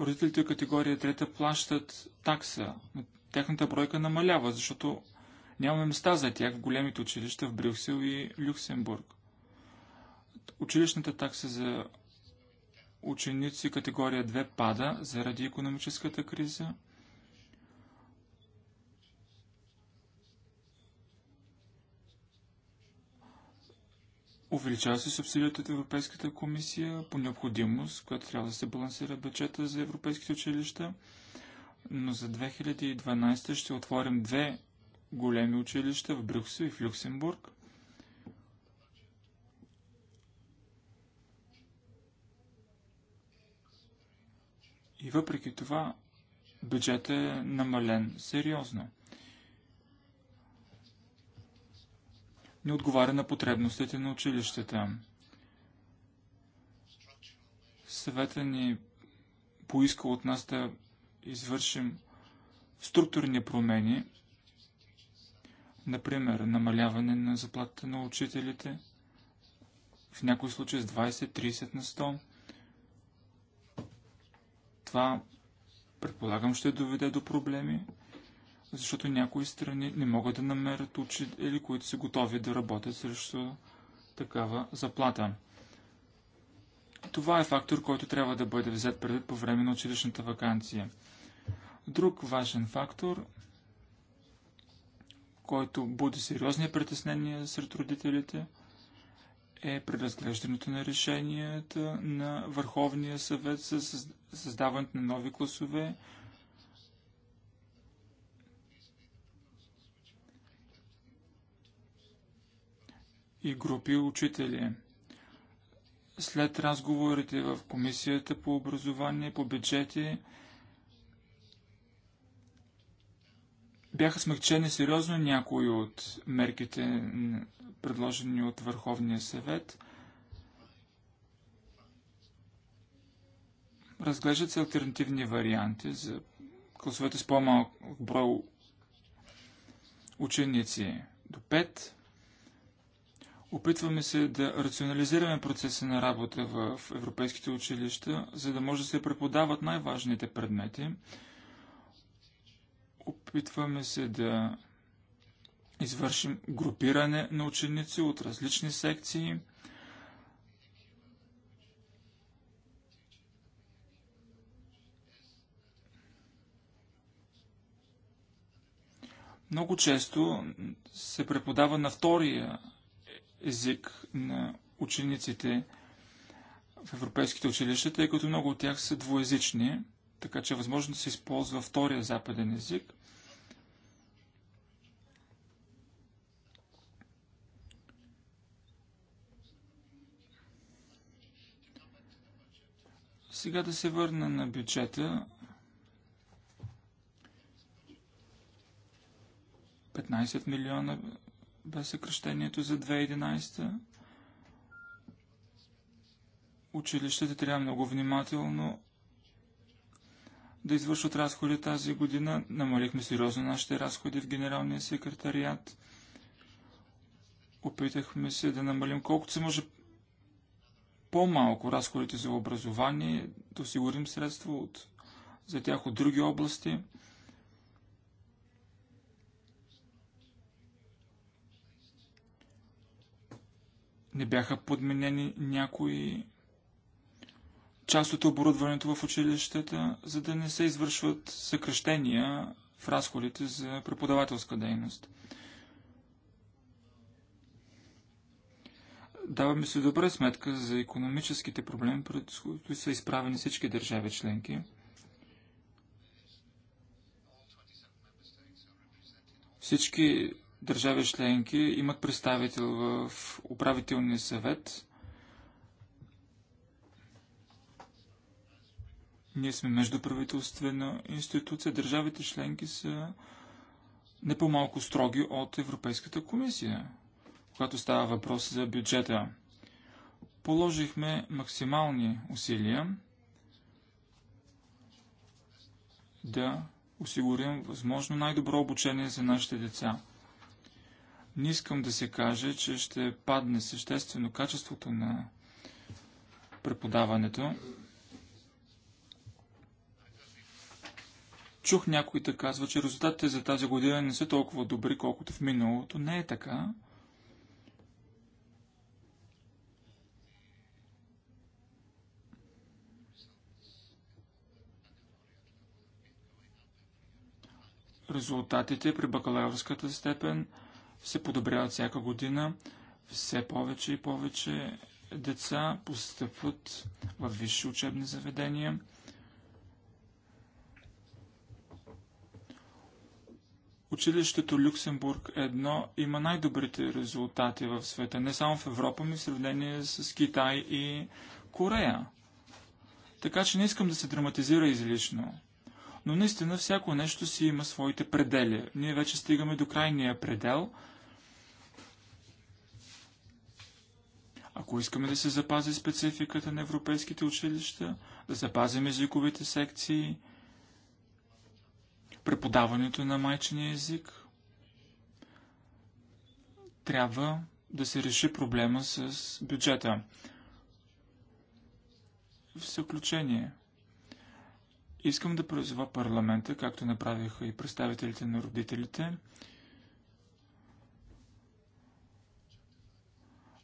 Родителите от категория 3 плащат такса, тяхната бройка намалява, защото нямаме места за тях в големите училища в Брюксел и Люксембург. Училищната такса за ученици категория 2 пада заради економическата криза. Увеличава се субсидията от Европейската комисия по необходимост, която трябва да се балансира бюджета за европейските училища. Но за 2012 ще отворим две големи училища в Брюксел и в Люксембург. И въпреки това бюджетът е намален сериозно. Не отговаря на потребностите на училищата. Съвета ни поиска от нас да извършим структурни промени, например намаляване на заплатата на учителите, в някои случаи с 20-30 на 100, това предполагам ще доведе до проблеми, защото някои страни не могат да намерят учители, които са готови да работят срещу такава заплата. Това е фактор, който трябва да бъде взет предвид по време на училищната вакансия. Друг важен фактор, който буди сериозни притеснения сред родителите – е преразглеждането на решенията на Върховния съвет с създаването на нови класове. и групи учители. След разговорите в Комисията по образование, по бюджети, Бяха смягчени сериозно някои от мерките, предложени от Върховния съвет. Разглеждат се альтернативни варианти за класовете с по-малък брой ученици до 5. Опитваме се да рационализираме процеса на работа в европейските училища, за да може да се преподават най-важните предмети – Опитваме се да извършим групиране на ученици от различни секции. Много често се преподава на втория език на учениците в европейските училища, тъй като много от тях са двуязични. Така че е възможно да се използва втория западен език. Сега да се върна на бюджета. 15 милиона бе съкръщението за 2011. Училищата трябва много внимателно да извършват разходи тази година. Намалихме сериозно нашите разходи в Генералния секретариат. Опитахме се да намалим колкото се може по-малко разходите за образование, да осигурим средства от, за тях от други области. Не бяха подменени някои част от оборудването в училищата, за да не се извършват съкръщения в разходите за преподавателска дейност. Даваме се добра сметка за економическите проблеми, пред които са изправени всички държави членки. Всички държави членки имат представител в управителния съвет – Ние сме междуправителствена институция. Държавите членки са не по-малко строги от Европейската комисия, когато става въпрос за бюджета. Положихме максимални усилия да осигурим възможно най-добро обучение за нашите деца. Не искам да се каже, че ще падне съществено качеството на преподаването. Чух някой да казва, че резултатите за тази година не са толкова добри, колкото в миналото. Не е така. Резултатите при бакалавърската степен се подобряват всяка година. Все повече и повече деца постъпват в висши учебни заведения – Училището Люксембург 1 има най-добрите резултати в света, не само в Европа, но и в сравнение с Китай и Корея. Така че не искам да се драматизира излишно. Но наистина всяко нещо си има своите предели. Ние вече стигаме до крайния предел. Ако искаме да се запази спецификата на европейските училища, да запазим езиковите секции, преподаването на майчиния език. Трябва да се реши проблема с бюджета. В заключение, искам да призова парламента, както направиха и представителите на родителите,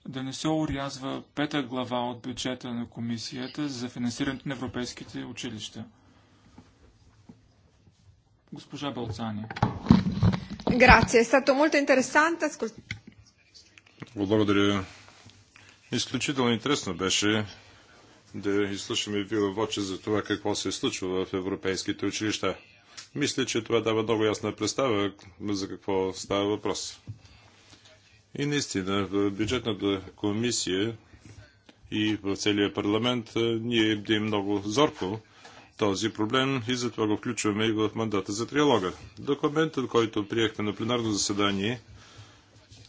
да не се урязва пета глава от бюджета на комисията за финансирането на европейските училища. Госпожа Балцани. Грация. Е стато много Благодаря. Изключително интересно беше да изслушаме воче за това какво се случва в европейските училища. Мисля, че това дава много ясна представа за какво става въпрос. И наистина, в бюджетната комисия и в целия парламент ние бдим много зорко този проблем и затова го включваме и в мандата за триалога. Документът, който приехме на пленарно заседание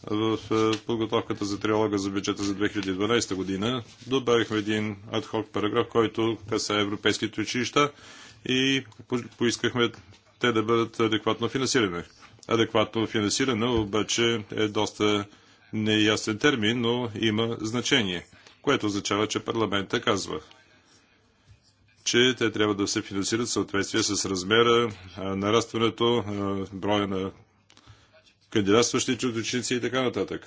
в е, подготовката за триалога за бюджета за 2012 година, добавихме един адхок параграф, който касае европейските училища и поискахме те да бъдат адекватно финансирани. Адекватно финансиране обаче е доста неясен термин, но има значение, което означава, че парламента казва – че те трябва да се финансират в съответствие с размера, нарастването, броя на кандидатстващи ученици и така нататък.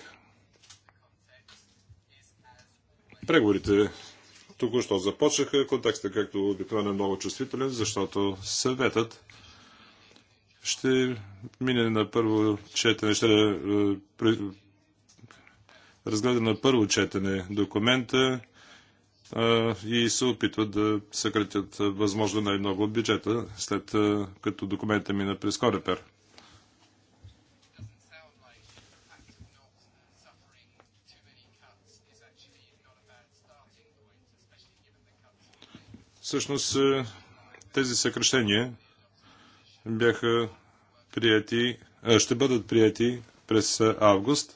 Преговорите току-що започнаха. Контекстът, както обикновено, е много чувствителен, защото съветът ще мине на първо четене, ще разгледа на първо четене документа и се опитват да съкратят възможно най-много от бюджета, след като документа мина през Корепер. Всъщност тези съкрещения бяха прияти, ще бъдат прияти през август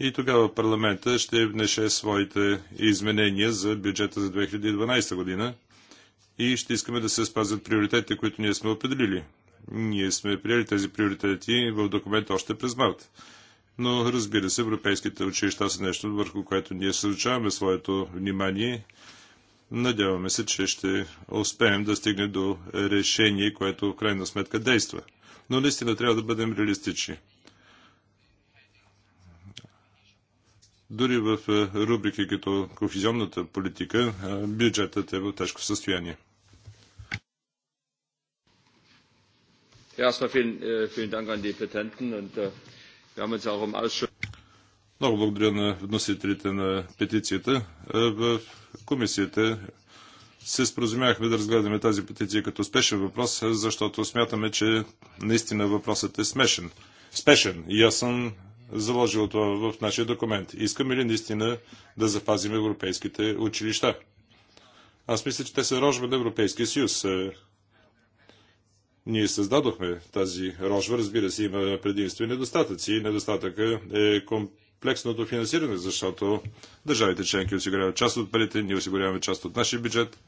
и тогава парламента ще внеше своите изменения за бюджета за 2012 година и ще искаме да се спазят приоритетите, които ние сме определили. Ние сме приели тези приоритети в документа още през март. Но разбира се, европейските училища са нещо, върху което ние съучаваме своето внимание. Надяваме се, че ще успеем да стигнем до решение, което в крайна сметка действа. Но наистина трябва да бъдем реалистични. Дори в е, рубрики като кохезионната политика е, бюджетът е в тежко състояние. Е, äh, Много благодаря на вносителите на петицията. В комисията се споразумяхме да разгледаме тази петиция като спешен въпрос, защото смятаме, че наистина въпросът е смешен. Спешен. И аз съм заложило това в нашия документ. Искаме ли наистина да запазим европейските училища? Аз мисля, че те са рожба на Европейския съюз. Е, ние създадохме тази рожба, разбира се, има предимство и недостатъци. Недостатъка е комплексното финансиране, защото държавите членки осигуряват част от парите, ние осигуряваме част от нашия бюджет.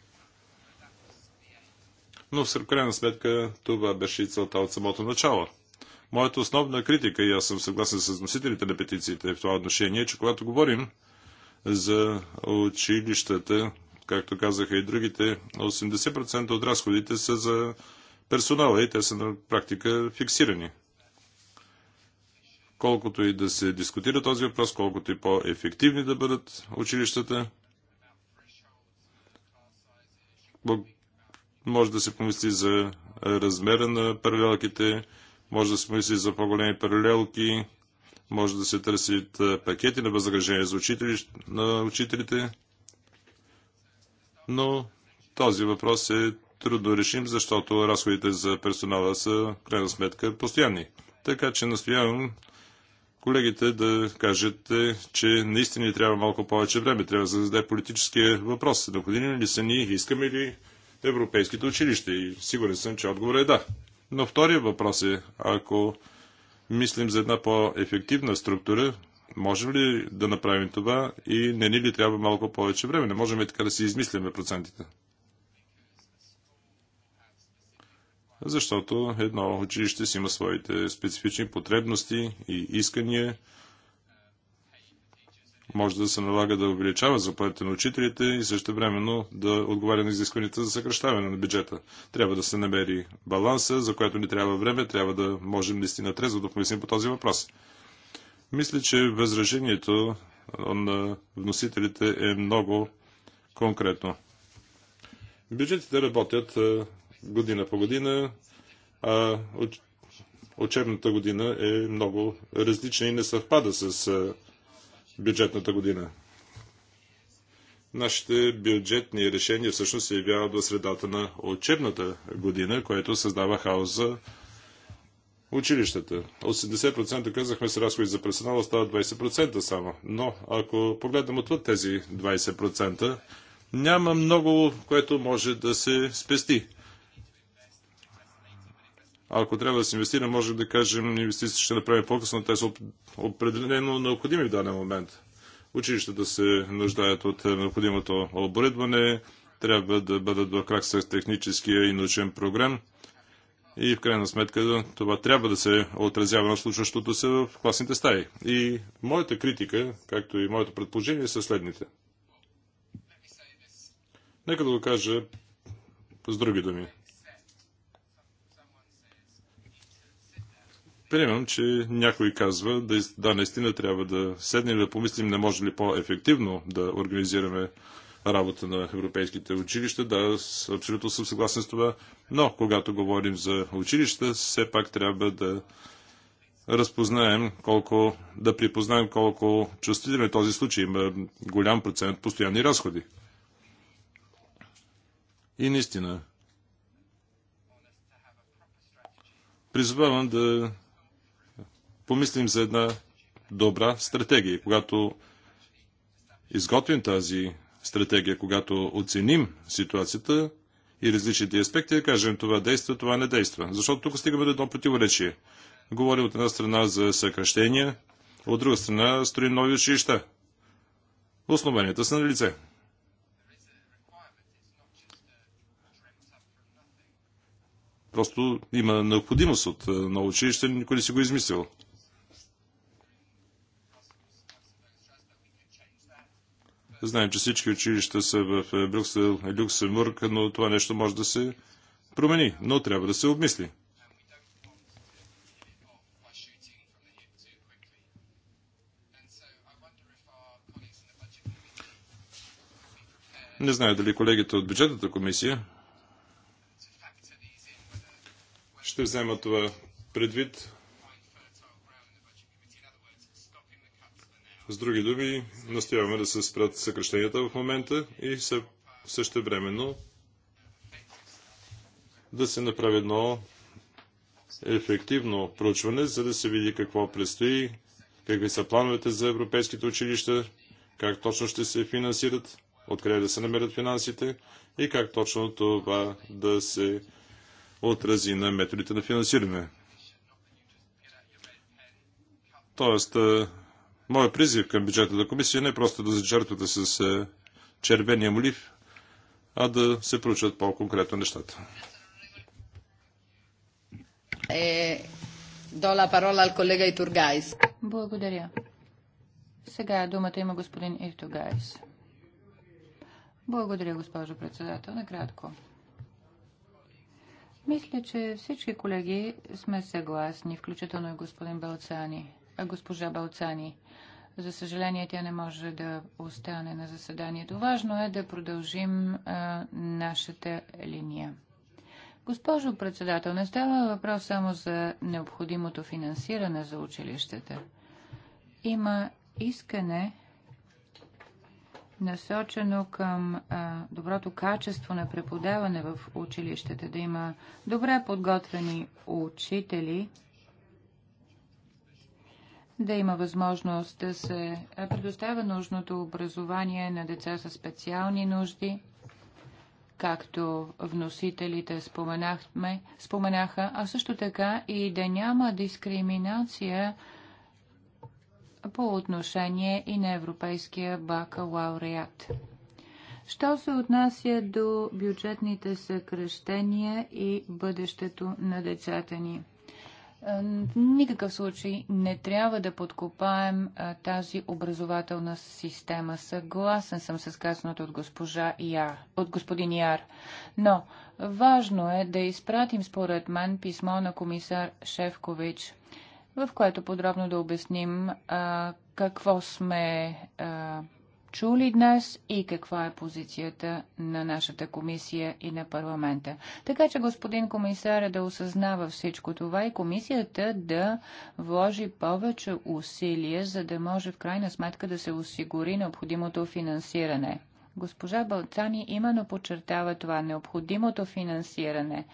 Но в крайна сметка това беше и целта от самото начало – Моята основна критика, и аз съм съгласен с носителите на петициите в това отношение, е, че когато говорим за училищата, както казаха и другите, 80% от разходите са за персонала и те са на практика фиксирани. Колкото и да се дискутира този въпрос, колкото и по-ефективни да бъдат училищата, може да се помисли за размера на паралелките, може да се мисли за по-големи паралелки, може да се търсят пакети на възнаграждение за учители, на учителите, но този въпрос е трудно решим, защото разходите за персонала са, в крайна сметка, постоянни. Така че настоявам колегите да кажат, е, че наистина трябва малко повече време. Трябва да зададе политическия въпрос. Необходими ли са ние, искаме ли европейските училища? И сигурен съм, че отговорът е да. Но втория въпрос е, ако мислим за една по-ефективна структура, можем ли да направим това и не ни ли трябва малко повече време? Не можем ли така да си измисляме процентите? Защото едно училище си има своите специфични потребности и искания, може да се налага да увеличава заплатите на учителите и също времено да отговаря на изискванията за съкръщаване на бюджета. Трябва да се намери баланса, за което ни трябва време, трябва да можем наистина трезво да помислим по този въпрос. Мисля, че възражението на вносителите е много конкретно. Бюджетите работят година по година, а учебната година е много различна и не съвпада с бюджетната година. Нашите бюджетни решения всъщност се явяват в средата на учебната година, което създава хаос за училищата. 80% казахме с разходи за персонал, остават 20% само. Но ако погледнем отвъд тези 20%, няма много, което може да се спести. Ако трябва да се инвестира, може да кажем, инвестиции ще направим по-късно, те са определено необходими в даден момент. Училищата се нуждаят от е, необходимото оборудване, трябва да бъдат в крак с техническия и научен програм. И в крайна сметка това трябва да се отразява на случващото се в класните стаи. И моята критика, както и моето предположение са следните. Нека да го кажа с други думи. Приемам, че някой казва, да, да, наистина трябва да седнем да помислим, не може ли по-ефективно да организираме работа на европейските училища. Да, абсолютно съм съгласен с това. Но, когато говорим за училища, все пак трябва да разпознаем колко, да припознаем колко чувствителен е този случай. Има голям процент постоянни разходи. И наистина, призвавам да помислим за една добра стратегия. когато изготвим тази стратегия, когато оценим ситуацията и различните аспекти, да кажем това действа, това не действа. Защото тук стигаме до едно противоречие. Говорим от една страна за съкръщения, от друга страна строим нови училища. Основанията са на лице. Просто има необходимост от ново училище, никой не си го е измислил. Знаем, че всички училища са в е, Брюксел, Люксембург, но това нещо може да се промени, но трябва да се обмисли. Не знаю дали колегите от бюджетната комисия ще взема това предвид, С други думи, настояваме да се спрат съкрещенията в момента и също времено да се направи едно ефективно проучване, за да се види какво предстои, какви са плановете за европейските училища, как точно ще се финансират, откъде да се намерят финансите и как точно това да се отрази на методите на финансиране. Тоест, Моя призив към бюджетната комисия не е просто да зачерпвате с е, червения молив, а да се проучат по-конкретно нещата. Е, дола парола ал колега Итургайс. Благодаря. Сега думата има господин Итургайс. Благодаря, госпожо председател. Накратко. Мисля, че всички колеги сме съгласни, включително и господин Балцани госпожа Балцани. За съжаление, тя не може да остане на заседанието. Важно е да продължим а, нашата линия. Госпожо председател, не става въпрос само за необходимото финансиране за училищата. Има искане насочено към а, доброто качество на преподаване в училищата, да има добре подготвени учители, да има възможност да се предоставя нужното образование на деца с специални нужди, както вносителите споменахме, споменаха, а също така и да няма дискриминация по отношение и на европейския бакалавриат. Що се отнася до бюджетните съкръщения и бъдещето на децата ни? Е, в никакъв случай не трябва да подкопаем е, тази образователна система. Съгласен съм с казаното от, госпожа Яр, от господин Яр. Но важно е да изпратим според мен писмо на комисар Шевкович, в което подробно да обясним а, е, какво сме а, чули днес и каква е позицията на нашата комисия и на парламента. Така че господин комисар, е да осъзнава всичко това и комисията да вложи повече усилия, за да може в крайна сметка да се осигури необходимото финансиране. Госпожа Балцани именно подчертава това необходимото финансиране,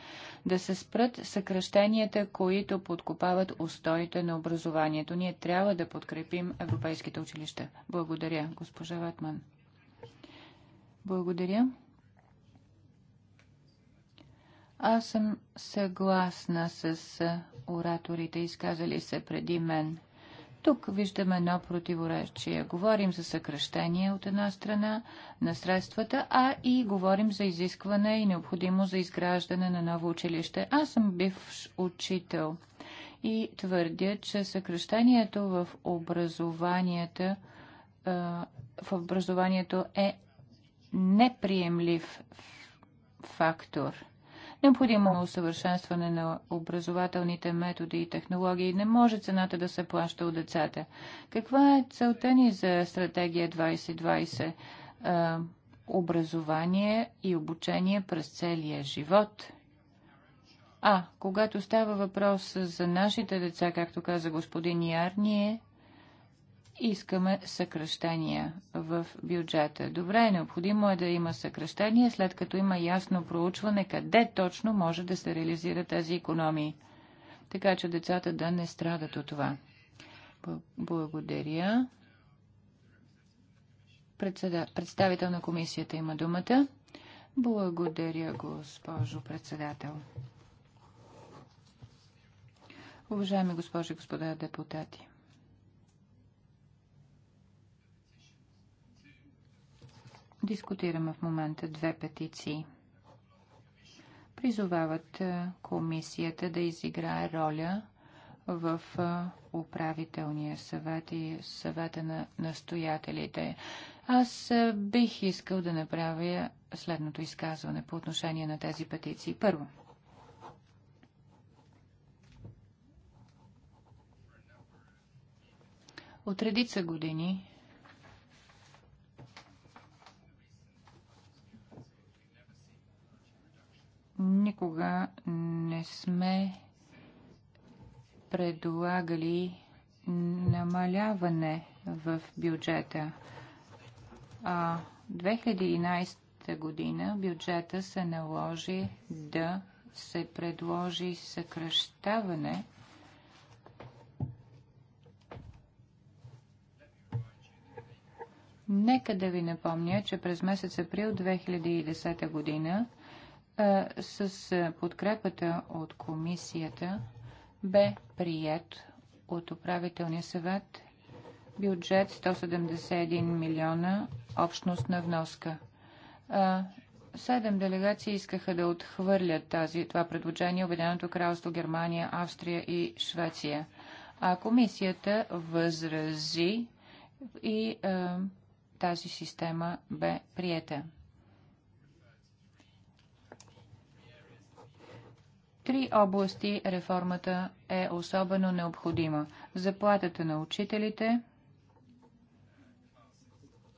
да се спрат съкръщенията, които подкопават устоите на образованието. Ние трябва да подкрепим европейските училища. Благодаря, госпожа Ватман. Благодаря. Аз съм съгласна с ораторите, изказали се преди мен – тук виждаме едно противоречие. Говорим за съкръщение от една страна на средствата, а и говорим за изискване и необходимо за изграждане на ново училище. Аз съм бивш учител и твърдя, че съкръщението в образованията в образованието е неприемлив фактор – Необходимо е усъвършенстване на образователните методи и технологии. Не може цената да се плаща от децата. Каква е целта ни за стратегия 2020? образование и обучение през целия живот. А, когато става въпрос за нашите деца, както каза господин Яр, ние искаме съкръщения в бюджета. Добре, необходимо е да има съкръщения, след като има ясно проучване къде точно може да се реализира тези економии. Така че децата да не страдат от това. Благодаря. Представител на комисията има думата. Благодаря, госпожо председател. Уважаеми госпожи и господа депутати, Дискутираме в момента две петиции. Призовават е, комисията да изиграе роля в е, управителния съвет и съвета на настоятелите. Аз е, бих искал да направя следното изказване по отношение на тези петиции. Първо. От редица години никога не сме предлагали намаляване в бюджета. А 2011 година бюджета се наложи да се предложи съкръщаване Нека да ви напомня, че през месец април 2010 година е, с е, подкрепата от комисията бе прият от управителния съвет бюджет 171 милиона общностна вноска. Е, седем делегации искаха да отхвърлят тази, това предложение Обединеното кралство Германия, Австрия и Швеция. А комисията възрази и а, тази система бе приета. три области реформата е особено необходима. Заплатата на учителите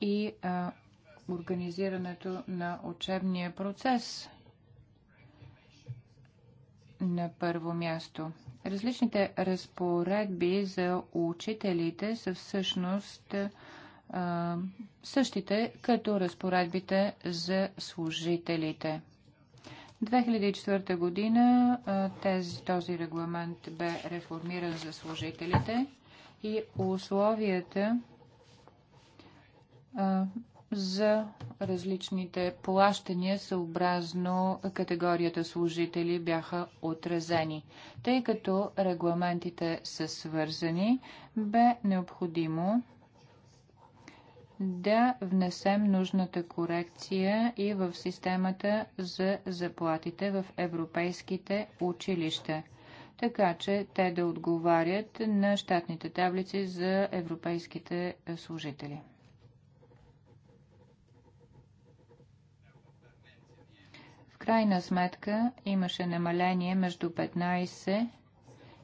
и а, организирането на учебния процес на първо място. Различните разпоредби за учителите са всъщност а, същите като разпоредбите за служителите. 2004 година тези, този регламент бе реформиран за служителите и условията за различните плащания съобразно категорията служители бяха отразени. Тъй като регламентите са свързани, бе необходимо да внесем нужната корекция и в системата за заплатите в европейските училища, така че те да отговарят на щатните таблици за европейските служители. В крайна сметка имаше намаление между 15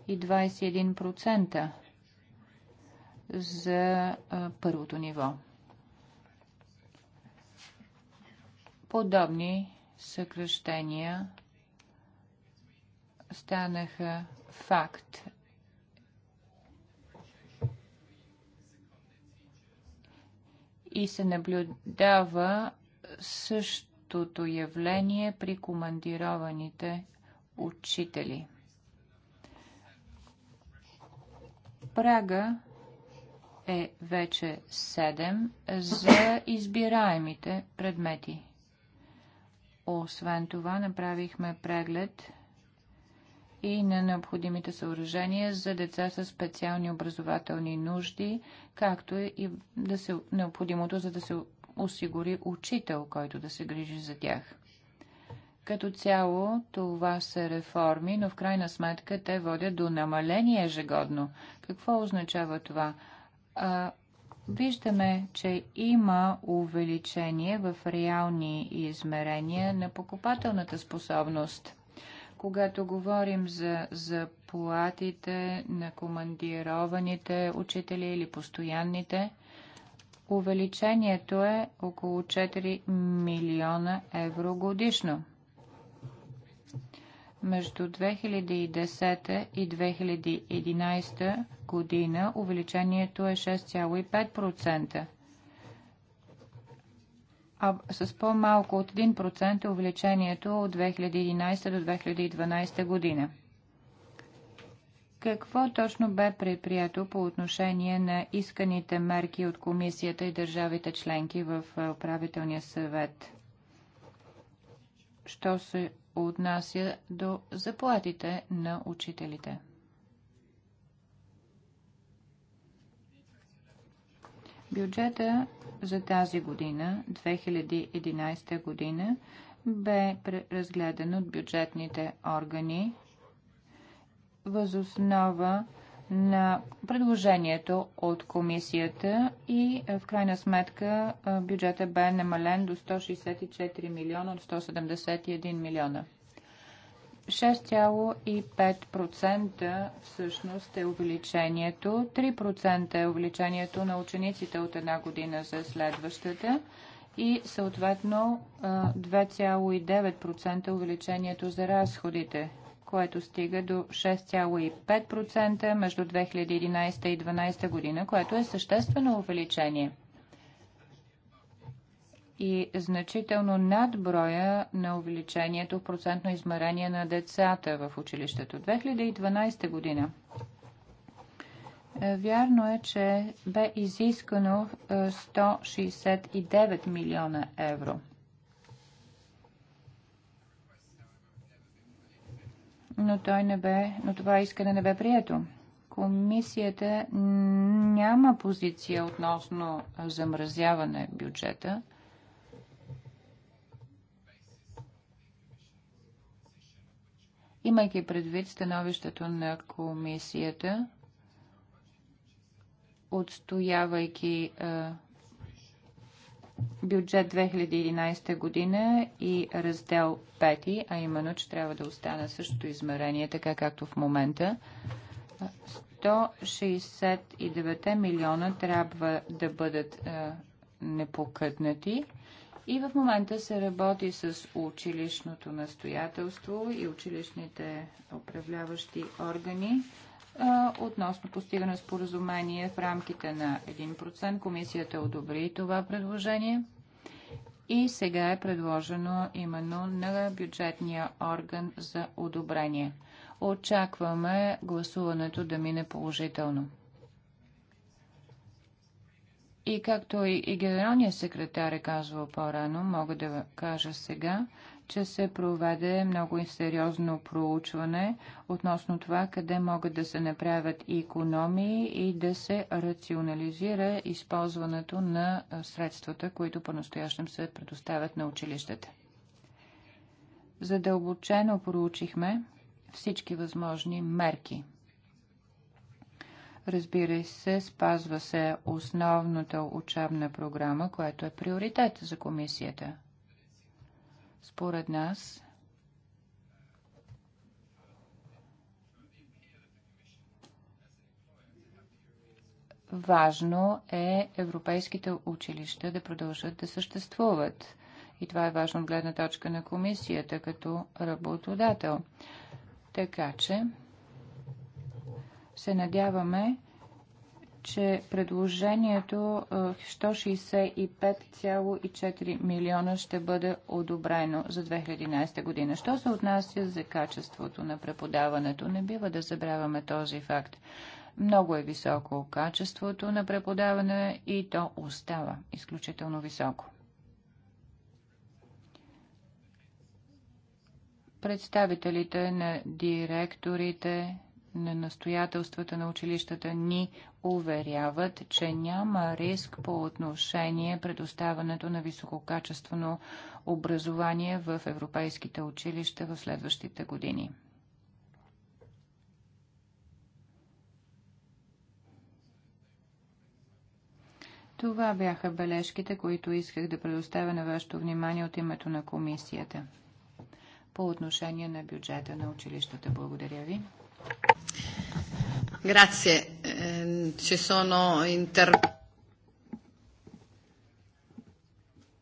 и 21% за първото ниво. подобни съкръщения станаха факт. И се наблюдава същото явление при командированите учители. Прага е вече 7 за избираемите предмети. Освен това, направихме преглед и на необходимите съоръжения за деца с специални образователни нужди, както и да се, необходимото, за да се осигури учител, който да се грижи за тях. Като цяло това са реформи, но в крайна сметка те водят до намаление ежегодно. Какво означава това? А, Виждаме, че има увеличение в реални измерения на покупателната способност. Когато говорим за заплатите на командированите учители или постоянните, увеличението е около 4 милиона евро годишно между 2010 и 2011 година увеличението е 6,5%, а с по-малко от 1% е увеличението от 2011 до 2012 година. Какво точно бе предприето по отношение на исканите мерки от комисията и държавите членки в управителния съвет? Що се отнася до заплатите на учителите. Бюджета за тази година, 2011 година, бе разгледан от бюджетните органи възоснова основа на предложението от комисията и е, в крайна сметка е, бюджета бе намален до 164 милиона от 171 милиона. 6,5% всъщност е увеличението, 3% е увеличението на учениците от една година за следващата и съответно 2,9% е, увеличението за разходите което стига до 6,5% между 2011 и 2012 година, което е съществено увеличение и значително над броя на увеличението в процентно измерение на децата в училището. 2012 година. Е, вярно е, че бе изискано 169 е, милиона евро – но, той не бе, но това искане не бе прието. Комисията няма позиция относно замразяване бюджета. Имайки предвид становището на комисията, отстоявайки бюджет 2011 година и раздел 5, а именно, че трябва да остана същото измерение, така както в момента. 169 милиона трябва да бъдат е, непокътнати. И в момента се работи с училищното настоятелство и училищните управляващи органи относно постигане споразумение в рамките на 1%. Комисията одобри това предложение. И сега е предложено именно на бюджетния орган за одобрение. Очакваме гласуването да мине положително. И както и, и генералният секретар е казвал по-рано, мога да кажа сега, че се проведе много сериозно проучване относно това къде могат да се направят и економии и да се рационализира използването на средствата, които по-настоящем се предоставят на училищата. Задълбочено проучихме всички възможни мерки. Разбира се, спазва се основната учебна програма, която е приоритет за комисията – според нас, важно е европейските училища да продължат да съществуват. И това е важно от гледна точка на комисията като работодател. Така че се надяваме, че предложението 165,4 милиона ще бъде одобрено за 2011 година. Що се отнася за качеството на преподаването? Не бива да забравяме този факт. Много е високо качеството на преподаване и то остава изключително високо. Представителите на директорите на настоятелствата на училищата ни уверяват, че няма риск по отношение предоставането на висококачествено образование в европейските училища в следващите години. Това бяха бележките, които исках да предоставя на вашето внимание от името на комисията по отношение на бюджета на училищата. Благодаря ви. Grazie. Eh, ci sono inter...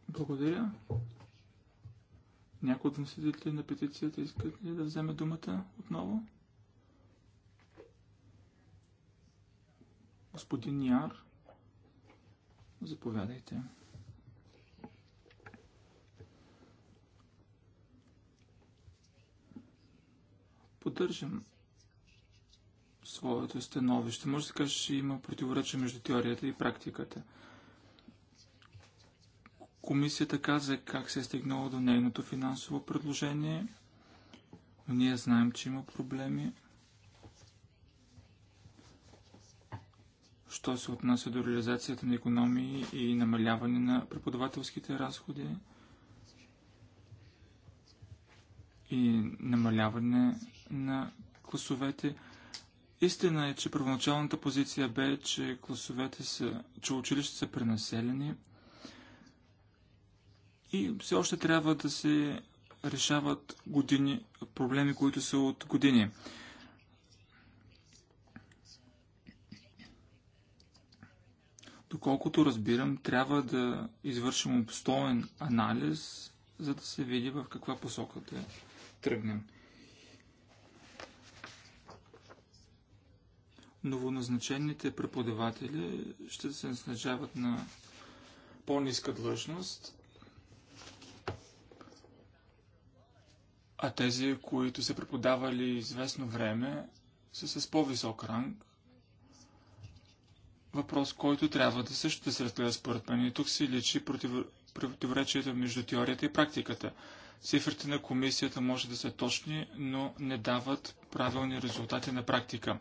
Благодаря. Някой от вносителите на петицията искат ли да вземе думата отново? Господин Яр, заповядайте. Поддържам своето становище. Може да кажа, че има противоречие между теорията и практиката. Комисията каза как се е стигнало до нейното финансово предложение. Но ние знаем, че има проблеми. Що се отнася до реализацията на економии и намаляване на преподавателските разходи и намаляване на класовете – Истина е, че първоначалната позиция бе, че класовете са, че училища са пренаселени и все още трябва да се решават години, проблеми, които са от години. Доколкото разбирам, трябва да извършим обстоен анализ, за да се види в каква посока да тръгнем. новоназначените преподаватели ще се назначават на по-ниска длъжност, а тези, които са преподавали известно време, са с по-висок ранг. Въпрос, който трябва да също да се разгледа според мен. И тук се личи противоречието между теорията и практиката. Цифрите на комисията може да са точни, но не дават правилни резултати на практика.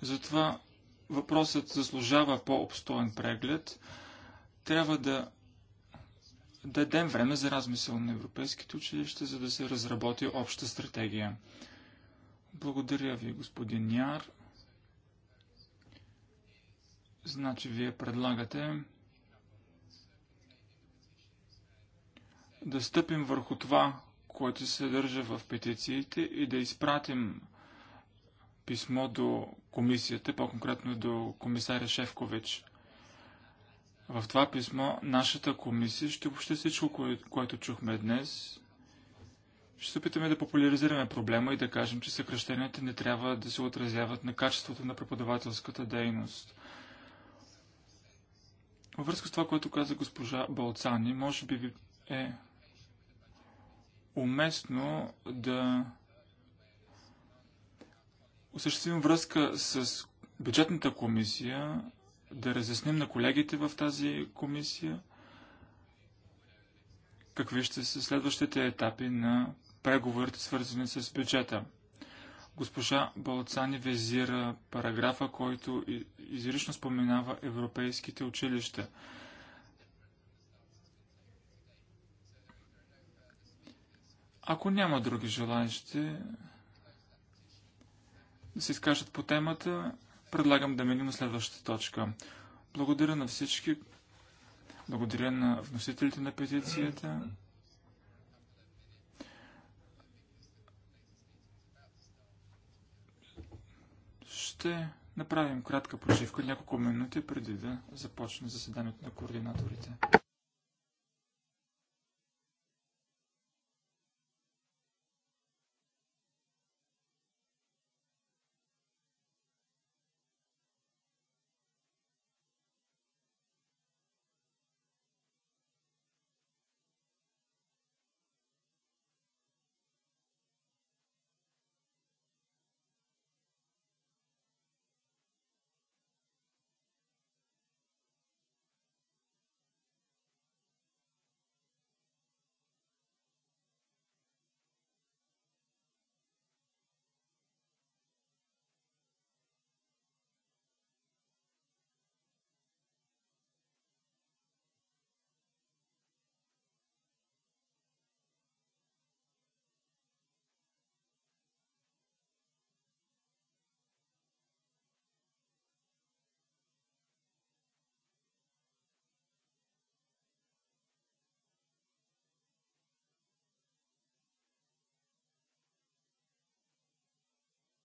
Затова въпросът заслужава по-обстоен преглед. Трябва да дадем време за размисъл на европейските училища, за да се разработи обща стратегия. Благодаря ви, господин Яр. Значи, вие предлагате да стъпим върху това, което се съдържа в петициите и да изпратим писмо до комисията, по-конкретно до комисаря Шефкович. В това писмо нашата комисия ще обобщи всичко, кое, което чухме днес. Ще се опитаме да популяризираме проблема и да кажем, че съкръщенията не трябва да се отразяват на качеството на преподавателската дейност. Във връзка с това, което каза госпожа Балцани, може би е уместно да осъществим връзка с бюджетната комисия, да разясним на колегите в тази комисия какви ще са следващите етапи на преговорите, свързани с бюджета. Госпожа Балцани визира параграфа, който изрично споменава европейските училища. Ако няма други желаящи, да се изкажат по темата, предлагам да минем на следващата точка. Благодаря на всички. Благодаря на вносителите на петицията. Ще направим кратка почивка, няколко минути преди да започне заседанието на координаторите.